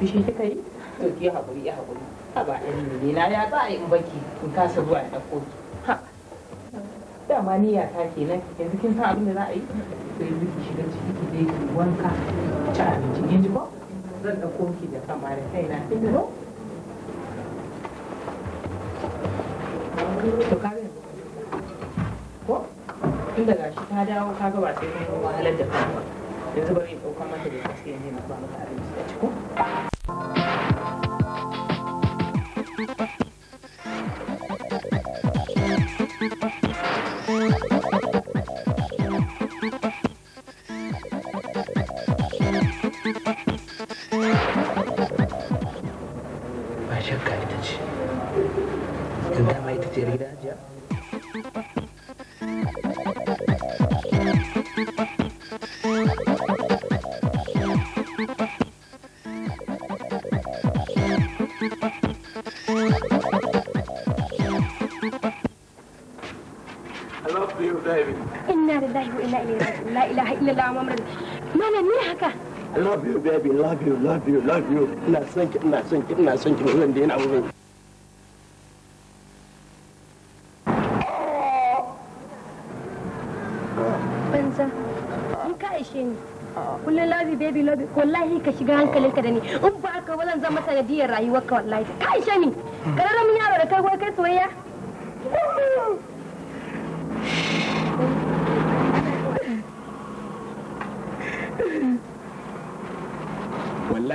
Bishi kika yi? To ki haƙuri, ya haƙuri. Ha ba ɗan ne na ya ba a yi in baki in kasa zuwa ya ɗauko ki. Ha. Dama niyya ta kenan yanzu kin san abin da za a yi? To yanzu ki shiga ciki ki je ki wanka ci abinci kin ji ko? Zan ɗauko ki da kamar kaina. Kin ji to ka ko tun daga shi ta dawo ka ga ba sai mun wahalar da kanka yanzu bari in ɗauka mata da gaske yanzu na ba mata abinci ta ci ko love you baby love you love you love you ina son ki ina son ki ina son ki banza in ka ishe ni kullum love baby love you wallahi ka shiga hankalinka da ni in ba ka wannan zan masa nadiyar rayuwarka wallahi ka ishe ni mun yaro da kai wai kai soyayya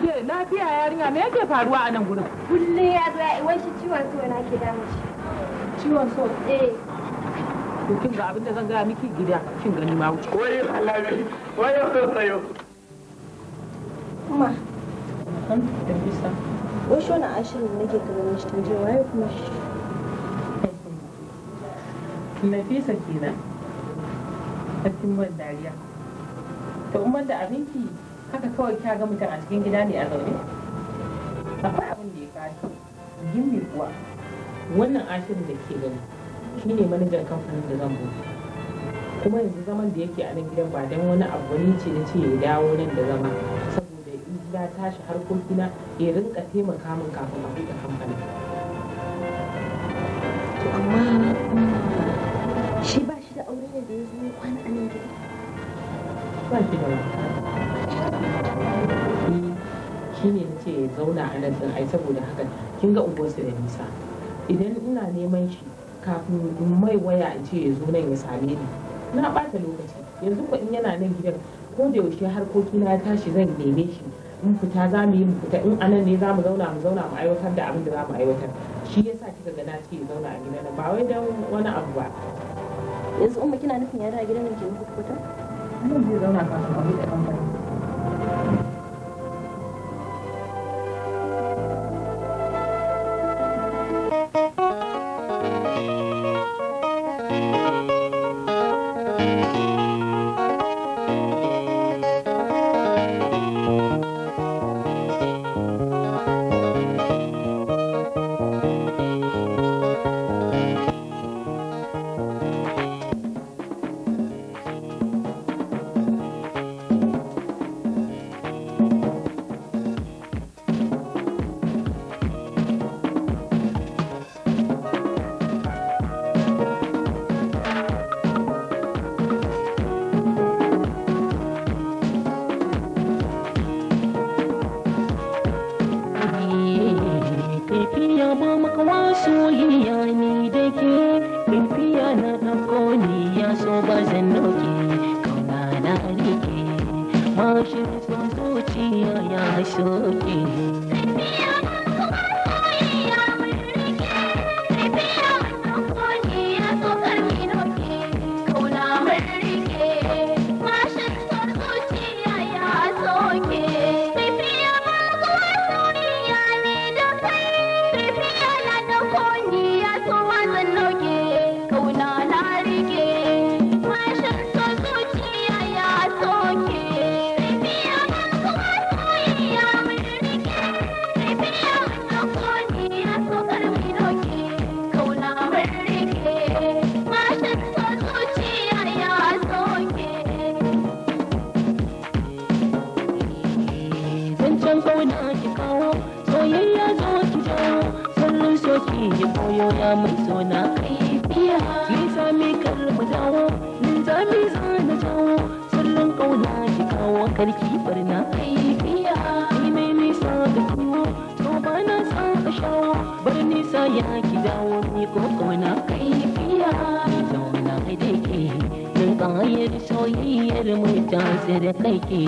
ke lafiya yarinya me yake faruwa a nan gurin kulle ya zo ya wai shi ciwon so na ke damu shi ciwon so eh to kin ga abin da zan gaya miki gida kin gani ma wuce wai ne wai so sayo kuma kan da bisa wai shi wannan ashirin nake ganin shi tun jiya waye kuma shi Nafisa kenan. Sarkin ban dariya. To umar da abinki haka kawai ka ga mutum a cikin gida ne a zaune akwai abin da ya kashi gimmi kuwa wannan ashirin da ke gani shi ne manajan kamfanin da zan buɗe kuma yanzu zaman da yake a nan gidan ba don wani abu wani ce na ce ya dawo nan da zama saboda ya tashi harkokina ya rinka taimaka min kafin a buɗe kamfanin amma shi ba shi da aure ne da ya zo kwana a nan gida ba shi da wani shine na ce ya zauna a nan din ai saboda haka kin ga unguwarsa da nisa idan ina neman shi kafin mai waya in ce ya zo nan ya same ni na bata lokaci yanzu ko in yana nan gidan ko da yaushe harkoki na tashi zan neme shi in fita za mu yi mu fita in anan ne za mu zauna mu zauna mu aiwatar da abin da za mu aiwatar shi yasa kika ga na ce zauna a gidan ba wai dan wani abu ba yanzu umma kina nufin ya da gidan nan ke muku fita nan zai zauna kafin a buɗe kamfani doki ya koyo ya mai tona ni mi karba dawo, ni mi zana jawo sallan kauna ki kawo karki barna ni mai nisa da kiwo to ba na a shawo bar nisa ya ki dawo ni ko kauna kaifiya ni zauna kai da ke nan kayar soyayyar mu ta tsere kai ke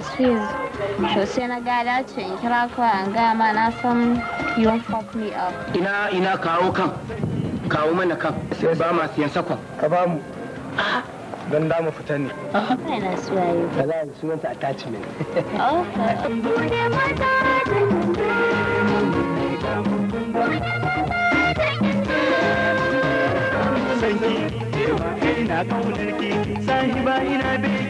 Aswiz to sai na ga dace in kira ko an gaya ma na san you fuck me up ina ina kawo kan kawo mana kan sai ba ma siyan sakon ka ba mu don da mu fita ne ina suwaye za a yi sunanta ina kaunar ki, sahiba ina beki.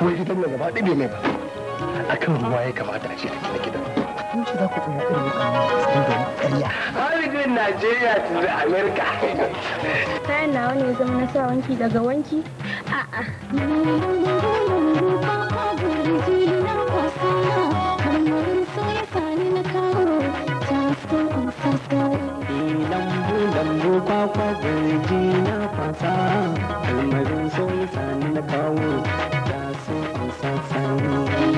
wai gidan nan gaba ɗaya mai ba a kan ruwa ya kamata a ce ta gina gidan shi za ku tsaya irin waɗannan su dinga ƙarya harajin najeriya ta da amerika kayan nawa ne zama na sa wanki daga wanki a'a Lambu lambu kwakwa na fasa, sani na kawo. friend.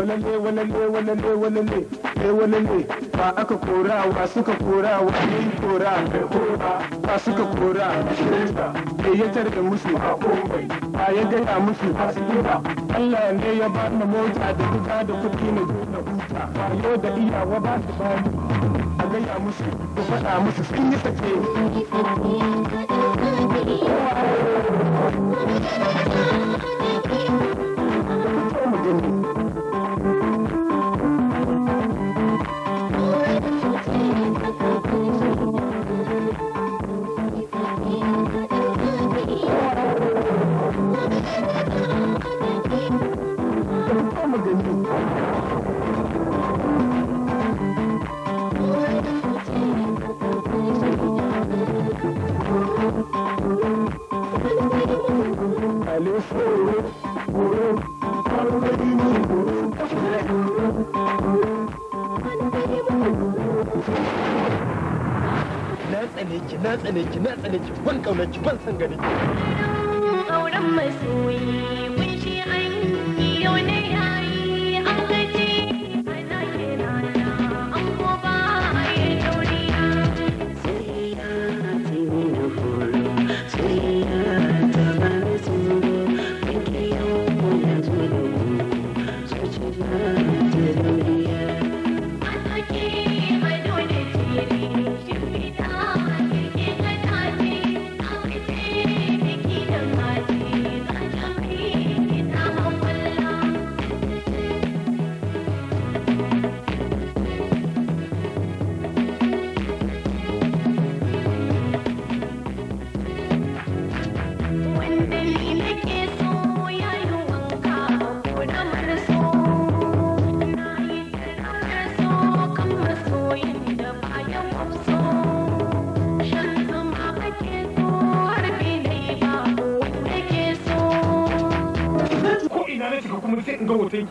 walale walale walale walale eh walale ba aka kora wa suka kora wa ne kora ba suka kora ne ya tarbe musu ba ya ga ya musu ba Allah ne ya ba mu mota da duka da kuɗi ne na huta ba yau da iyawa ba da bani a ya musu ku faɗa musu sun yi sake Thank you. na tsane ki na tsane ban kaunar ban san gani auren masoyi дутый.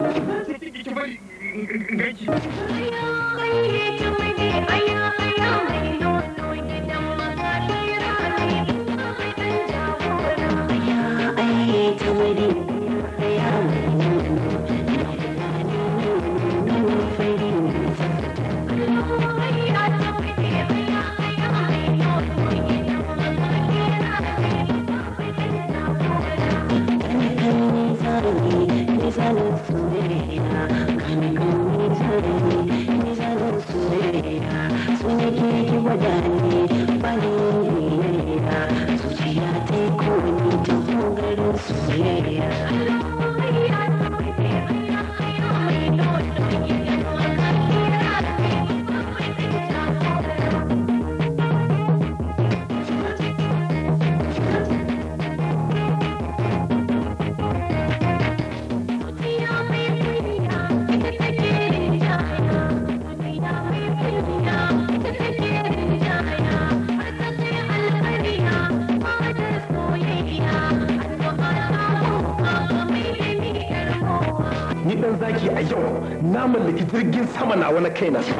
a yau na mallaki jirgin sama na wani su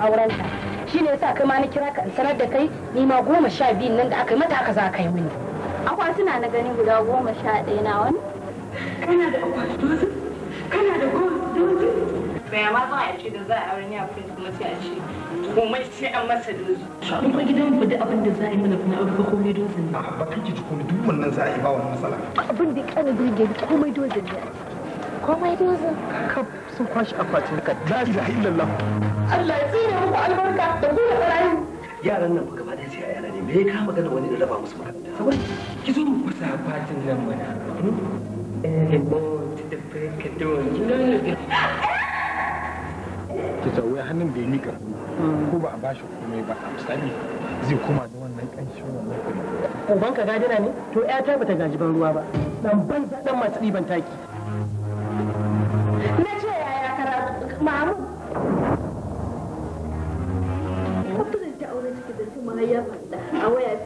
aurenta shine yasa kai ma na kira ka sanar da kai ni ma goma sha biyu nan da aka yi mata aka za ka yi mini akwatuna na gani guda goma sha ɗaya na wani kana da akwatuna kana da goma mai ma za a ce da za a ni a fi kuma sai a ce komai sai an masa dozu mun fa gidan mu da abin da za a yi mana kuma abin ba komai dozin ne ba kake ji komai duk wannan za a yi ba wannan matsala abin da kana birge ni komai dozin ne komai dozin ka sun kwashi akwatin ka la ilaha illallah Allah ya tsire muku albarka da ku da barayi yaran nan gaba da sai yara ne me ya kama gana wani da raba musu makaranta saboda ki zo ku sa fatin nan mana eh, ki tsawo hannun bai mika ko ba a bashi komai ba misali zai koma da wannan ƙanshin wannan kuma. Ubanka gadina ne? To 'ya ta bata gaji ban ruwa ba. Dan banza dan masu ɗiban taki.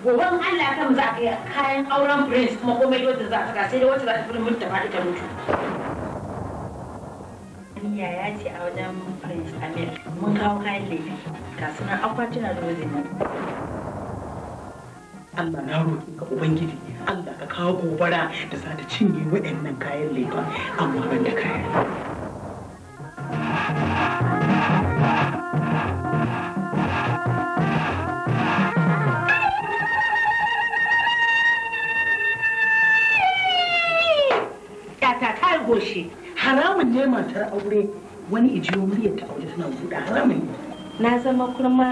goban Allah kan za ka yi kayan auren prince kuma komai wanda za ka sai da wacce za ta fi mutu ba ita mutu niyya ya ce a wajen prince amir mun kawo kayan lefi ga suna akwatuna da wajen nan Allah na roƙi ka Ubangiji Allah ka kawo gobara da za ta cinye waɗannan kayan lefa amma ban da kayan. matar aure wani ijiyo muryar ta aure tana buɗe haramun na zama kurma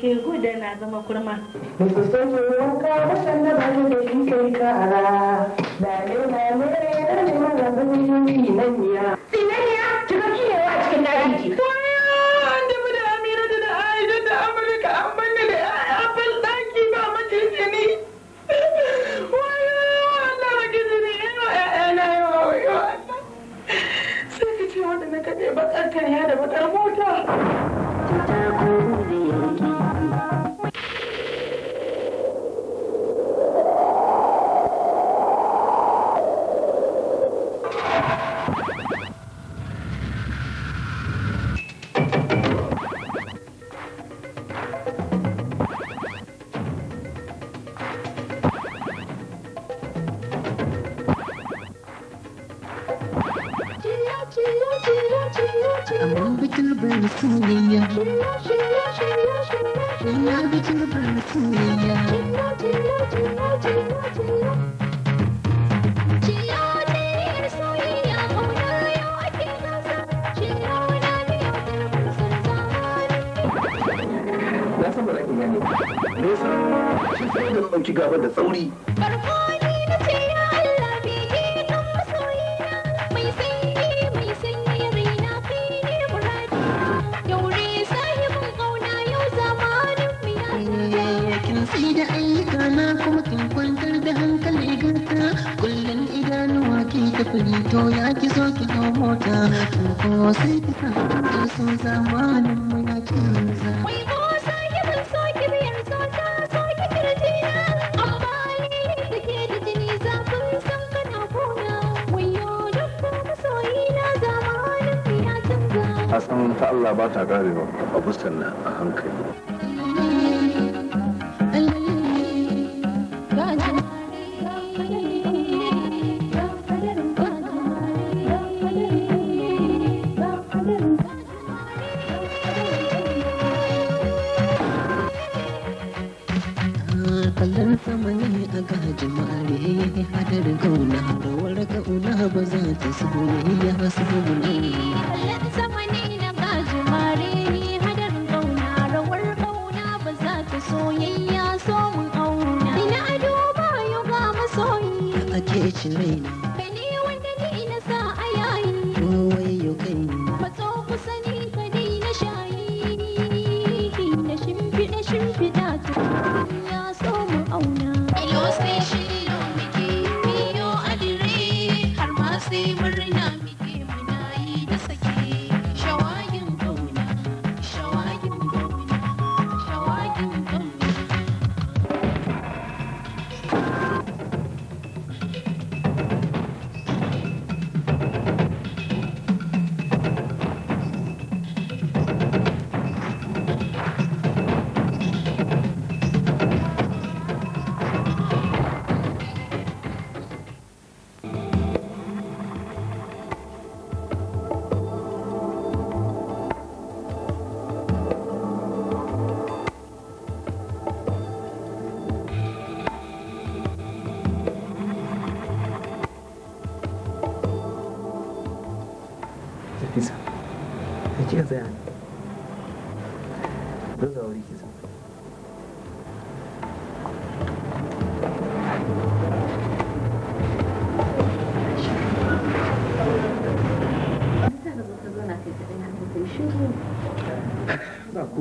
ke guda na zama kurma ku sani wanka wasan da ba da shi kai kara da ne da ne da ne ma da zama nan ya da ta. mota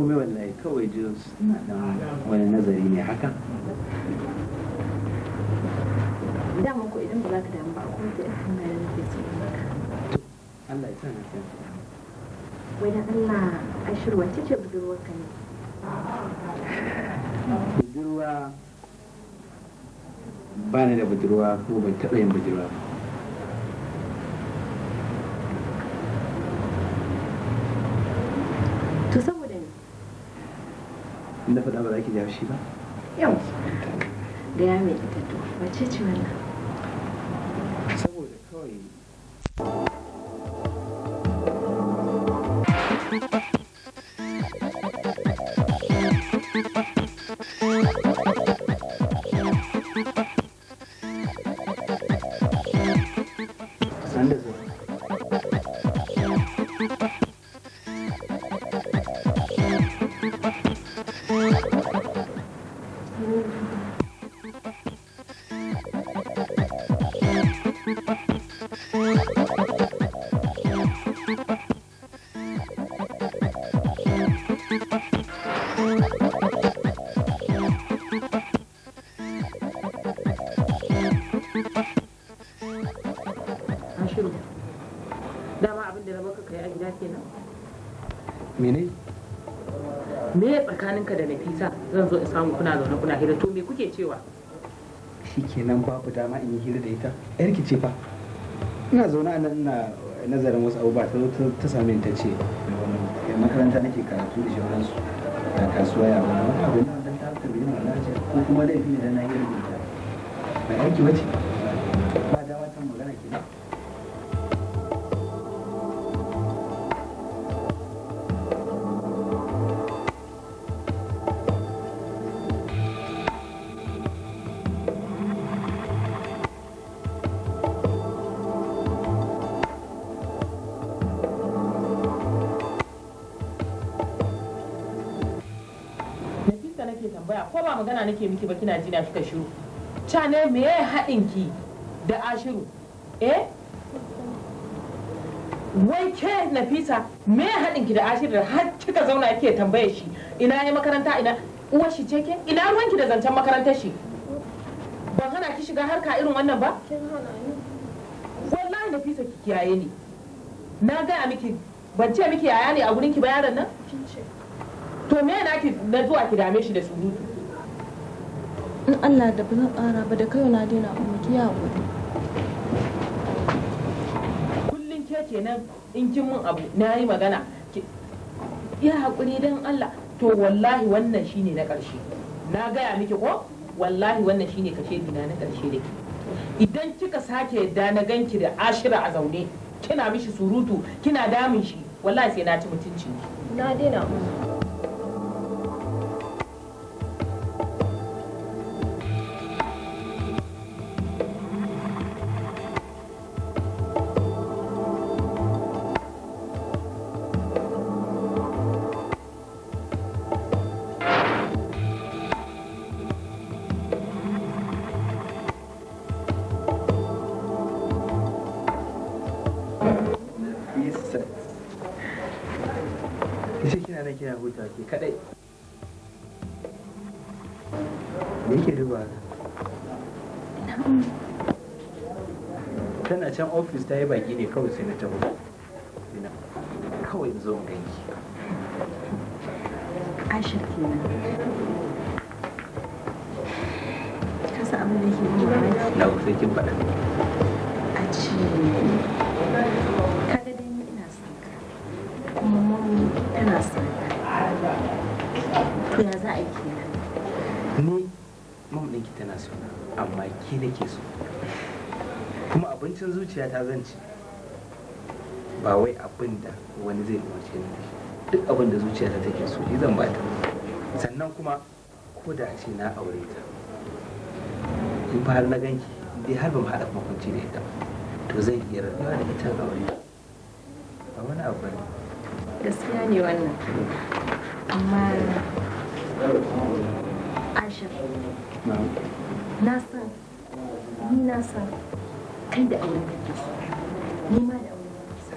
komai ya kawai jos suna da wani nazari ne haka dama ko idan ba damu ba da Allah ya Allah ce budurwa ka ne budurwa ba ni da budurwa ko ban taɓa yin budurwa yashi ba yau da ya mai ita to wace ce wannan saboda kawai tsakaninka da nafisa zan zo in samu kuna zaune kuna hira to me kuke cewa shi kenan babu dama in yi hira da ita yar ki ce fa ina zaune a nan na nazarin wasu abubuwa ta zo ta same ta ce da makaranta nake karatu da shauransu da kasuwa ya wani abu na wadanda ta ko kuma laifi da na yi rubuta ba aiki wace magana nake miki ba kina jina kika shiru cane me ya haɗin ki da ashiru eh wai ke nafisa me ya haɗin ki da ashiru har kika zauna kike tambaye shi ina ya makaranta ina uwar shi ce ke ina ki da zancen makarantar shi ban hana ki shiga harka irin wannan ba wallahi nafisa ki kiyaye ni na gaya miki ban ce miki yaya ne a gurin ki ba yaron nan to me na ki na zuwa ki dame shi da surutu in allah da ba zan ƙara ba da kai na daina kuma ki haƙuri kullum ke kenan in kin mun abu na yi magana ya haƙuri don allah to wallahi wannan shine na ƙarshe na gaya miki ko wallahi wannan shine kashe dina na ƙarshe da idan kika sake yadda na ganki da ashira a zaune kina mishi surutu kina damun shi wallahi sai na ci mutunci na daina ya huta ke kadai me yake duba tana can ofis ta yi baki ne kawai sai na taho kawai in zo ganki aisha kenan kasa abin da ke yi na kusa kin faɗa a ce abincin zuciya ta zan ci ba wai abin da wani zai umarce ni duk abin da zuciya ta take so ni zan bata sannan kuma ko da ce na aure ta in ba har na ganki dai har mu haɗa makwanci da ita to zan iya rabuwa da ita aure ba wani abu ne gaskiya ne wannan amma Aisha na san ni na san kai da auren kake so ni ma da auren kake so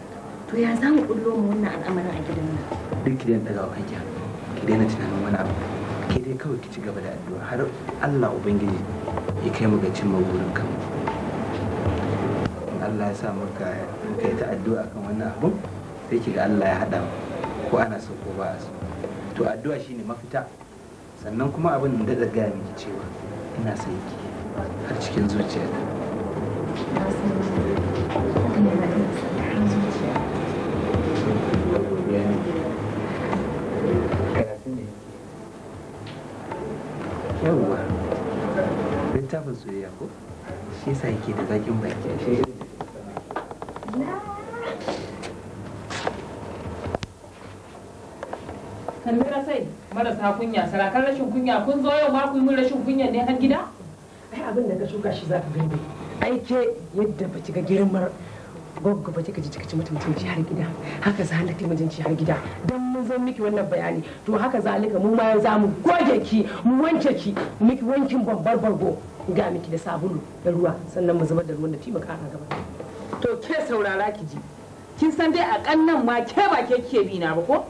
to ya za mu kullo mu wannan al'amarin a gidan nan duk gidan daga wa kanki ki daina tunanin wani abu ke dai kawai ki ci gaba da addu'a har Allah ubangiji ya kai mu ga cimma burin kan Allah ya sa maka kai ta addu'a kan wannan abu sai ki ga Allah ya hada ko ana so ko ba a so to addu'a shine mafita sannan kuma abin da daga miki cewa ina son ki har cikin zuciyarka yawwa littafin da zakin sai marasa kunya sarakar rashin kunya kun zo yau ma ku yi rashin kunya ne har gida? Ai abin da ka shuka shi za ka gani. aike yadda ba ga girmar gogga ba kika ji har gida haka zalika mijinci har gida don mun zan miki wannan bayani to haka zalika mu ma yau za mu goge ki mu wanke ki miki wankin babbar bargo ga miki da sabulu da ruwa sannan mu zubar da ruwan da fi maka a gaba to ke saurara ki ji kin san dai a kannan ma ke ba ke ke bi na ba ko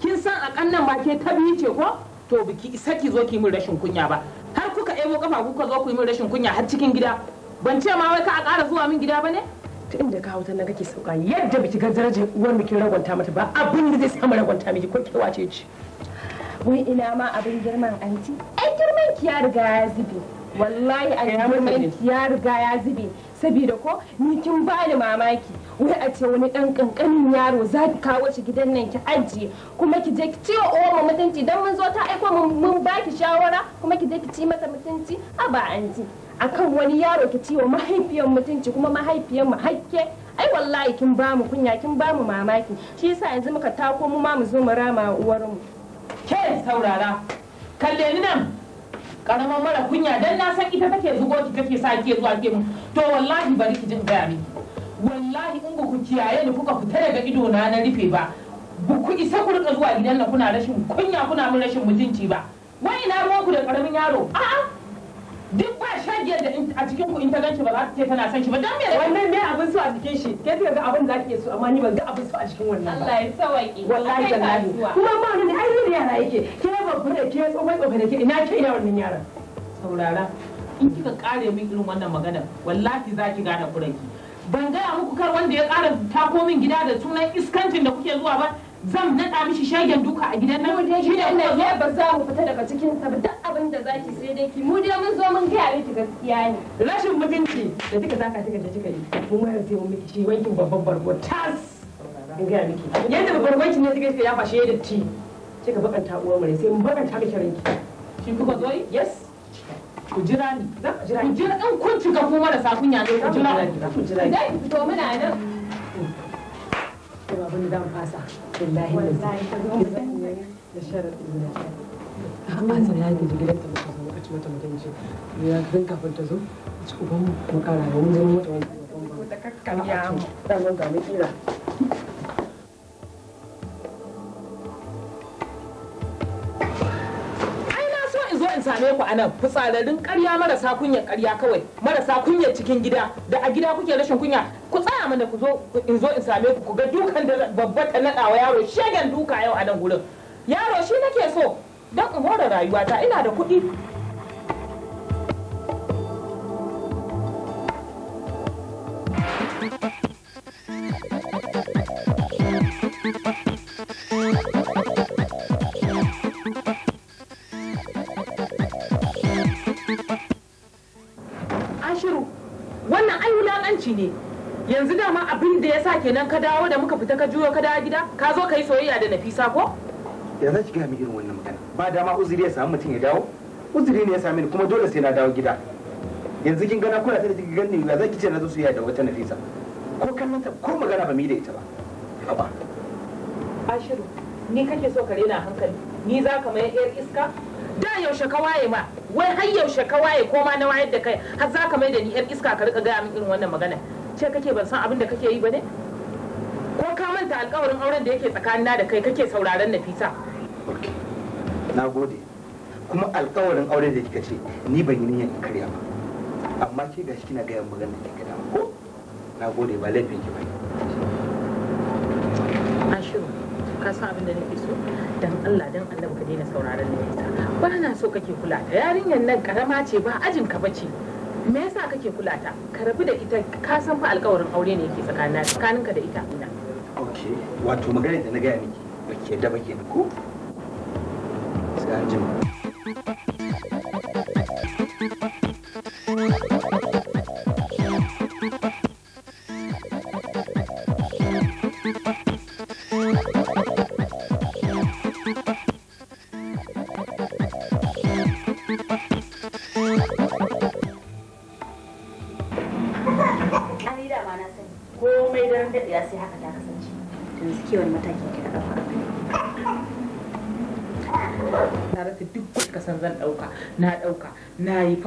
kin san a kannan ma ke ta ce ko to biki isa ki zo ki min rashin kunya ba har kuka ebo kafa kuka zo ku yi min rashin kunya har cikin gida ban ce ma wai ka a ƙara zuwa min gida ba ne ta inda ka hauta na kake sauka yadda biki ga darajar uwar miki ragwanta mata ba abin da zai samu ragwanta miki ko kewa ce ce wai ina ma abin girman anti ai girman ki ya riga ya zube wallahi a girman ki ya riga ya zube saboda ko ni kin bani mamaki wai a ce wani dan kankanin yaro za ki kawo shi gidan nan ki ajiye kuma ki je ki ci wa uwar mutunci dan mun zo ta aiko mun baki shawara kuma ki je ki ci mata mutunci a ba anti akan wani yaro ki ciwo mahaifiyan mutunci kuma mahaifiyan mu hakke ai wallahi kin ba mu kunya kin ba mu mamaki shi yasa yanzu muka tako mu ma mu zo mu rama uwar mu ke saurara kalle ni nan karamar mara kunya dan na san ita take zugo ki kake sa ke zuwa ke mu to wallahi bari ki jin gaya wallahi in ku kiyaye ni kuka fita daga ido na na rufe ba ba ku isa ku rika zuwa gidan nan kuna rashin kunya kuna mun rashin mutunci ba wai ina ku da karamin yaro a'a duk ba shagiyar da a cikin ku in ta ganci ba za ta ce tana son shi ba don me wannan ne abin su a cikin shi ke ga abin da ake so amma ni ban ga abin su a cikin wannan ba Allah ya sauke wallahi wallahi kuma ma ni ai ni yara yake ke ku da ke tsofa tsofa da ke ina ke ina wannan yaran saurara in kika kare min irin wannan magana wallahi za ki gane kuraki ban gaya muku kar wanda ya kara tako min gida da sunan iskantin da kuke zuwa ba zan nada mishi shagen duka a gidan nan. da shi da Allah ya ba za mu fita daga cikin sa duk abin da zaki sai dai ki mu dai mun zo mun yare ki gaskiya ne. Rashin mutunci da kika zaka kika da kika yi mu mai sai mun miki shi wankin babban bargo tas. In gaya miki yanda babban wankin ne kika ya fashe da ti. Kika bakanta uwar mare sai mun bakanta kika ranki. Shi kuka zo Yes. ku jira ni. Za ku jira ni. Ku jira ɗan kun cika kuma da sakunya ne ku jira. Ku jira Dai to muna nan. ce ba da fasa billahi da sharadi ya yi gidan ta mutum mata mutum ce ya zan kafin ta zo ci uban mu kara zama mata wani kakkan ya mu ga mu kira same ku anan fitsararrin ƙarya marasa kunya ƙarya kawai marasa kunya cikin gida da a gida kuke rashin kunya ku tsaya mana ku zo in zo in same ku ku ga dukan da babba ta naɗa wa yaro shegen duka yau a nan gurin yaro shi nake so don in hore rayuwata ina da kuɗi kenan ka dawo da muka fita ka juyo ka dawo gida ka zo ka yi soyayya da nafisa ko ya za ki gaya min irin wannan magana ba dama uzuri ya samu mutum ya dawo uzuri ne ya same ni kuma dole sai na dawo gida yanzu kin gana kuna tare kin gani ya za ki ce na zo soyayya da wata nafisa ko kallon ta ko magana ba mi da ita ba haba ashiru ni kake so ka rena hankali ni za ka mai yar iska da yaushe ka waye ma wai har yaushe ka waye ko ma na wayar da kai har za ka mai da ni yar iska ka rika gaya min irin wannan magana ce kake ban san abin da kake yi ba ne kuma ka manta alkawarin auren da yake tsakanina da kai kake sauraron Nafisa. Na gode. Kuma alkawarin auren da kika ce ni ban yi niyan karya ba. Amma ke gashi kina gaya magana da kika dama ko? Na gode ba laifin ki ba. Ashiru, ka san abin da nake so? Dan Allah dan Allah ka daina sauraron Nafisa. Ba na so kake kula ta. Yarinyar nan karama ce ba ajin ka bace. me yasa kake kula ta ka rabu da ita ka san fa alƙawarin aure ne yake tsakanin tsakaninka da ita ke wato magana da na gaya miki ba ke da ba ke ko sai an jima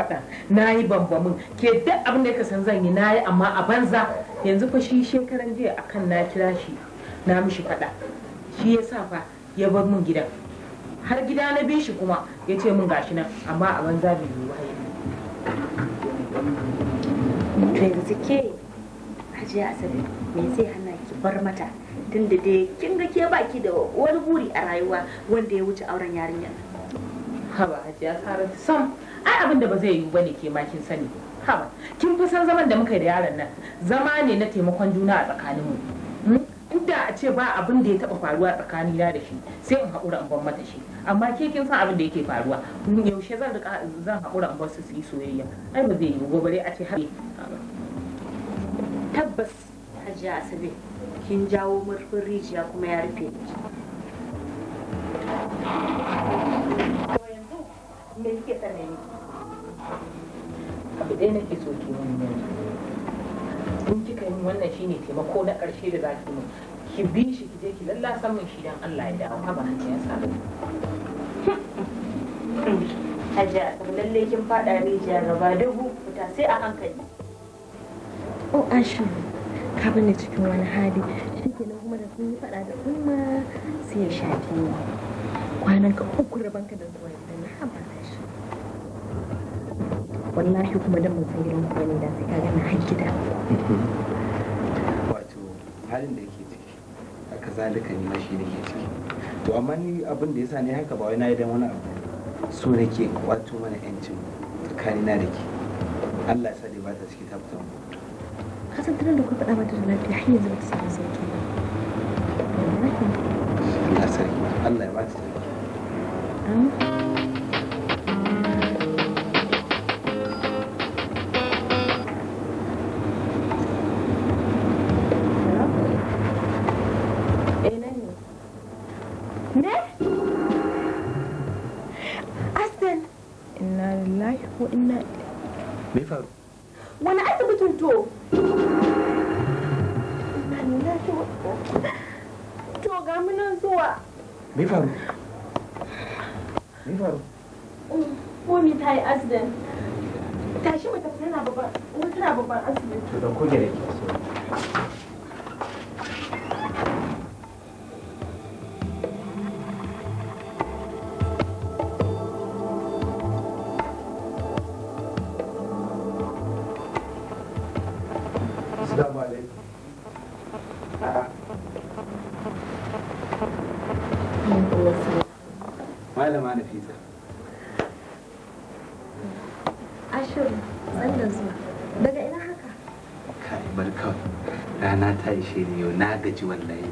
faɗa na yi bambamin ke duk abin da ka san zan yi na yi amma a banza yanzu fa shi shekaran jiya akan na kira shi na mishi faɗa shi ya sa fa ya bar mun gidan har gida na bi shi kuma ya ce gashi nan amma a banza bai yi wahayi yanzu ke hajiya asabi me zai hana ki bar mata tunda dai kin ga ke baki da wani buri a rayuwa wanda ya wuce auren yarinyar haba hajiya sarar sam ai abin da ba zai yiwu bane ke makin sani haba kin fi san zaman da muka yi da yaron nan zama ne na taimakon juna a tsakaninmu hmm? inda a ce ba abin da ya taba faruwa tsakanina da shi sai in haƙura in ban mata shi amma ke kin san abin da yake faruwa hmm, yaushe zan rika zan haƙura in bar su su yi soyayya ai ba zai yiwu gobe a ce har tabbas hajiya asabe kin jawo murfin rijiya kuma ya rufe me kike son ne abu ɗaya ke so ke wannan in kika yin wannan shine taimako na ƙarshe da za ki mu ki bi shi ki je ki lallasan min shi don Allah ya dawo haba ce ya samu Hajiya, lalle kin faɗa rijiyar raba dubu fita sai a hankali. Oh, Ashu, ka bane cikin wani hali. Shi nan kuma da kun yi faɗa da umma sai ya shafi ni. Kwanan ka uku rabanka da zuwa yadda na haba. wallahi kuma dan ban san gidan ku ne da sai ka gani har gida wato halin da yake ciki haka zalika ne ma shi nake ciki to amma ni abin da yasa ne haka ba wai na yi dan wani abu so nake wato mana yancin tsakanin na da ke Allah ya sa dai ba ta ciki ta fita mu ka san tare da ku faɗa mata da lafiya har yanzu ba ta samu sauki ba Allah sarki Allah ya ba ta sarki malama Nafisa. Ashiru, sannan zuwa. Daga ina haka? Kai, barka. Rana ta ishe ne yau na gaji wallahi.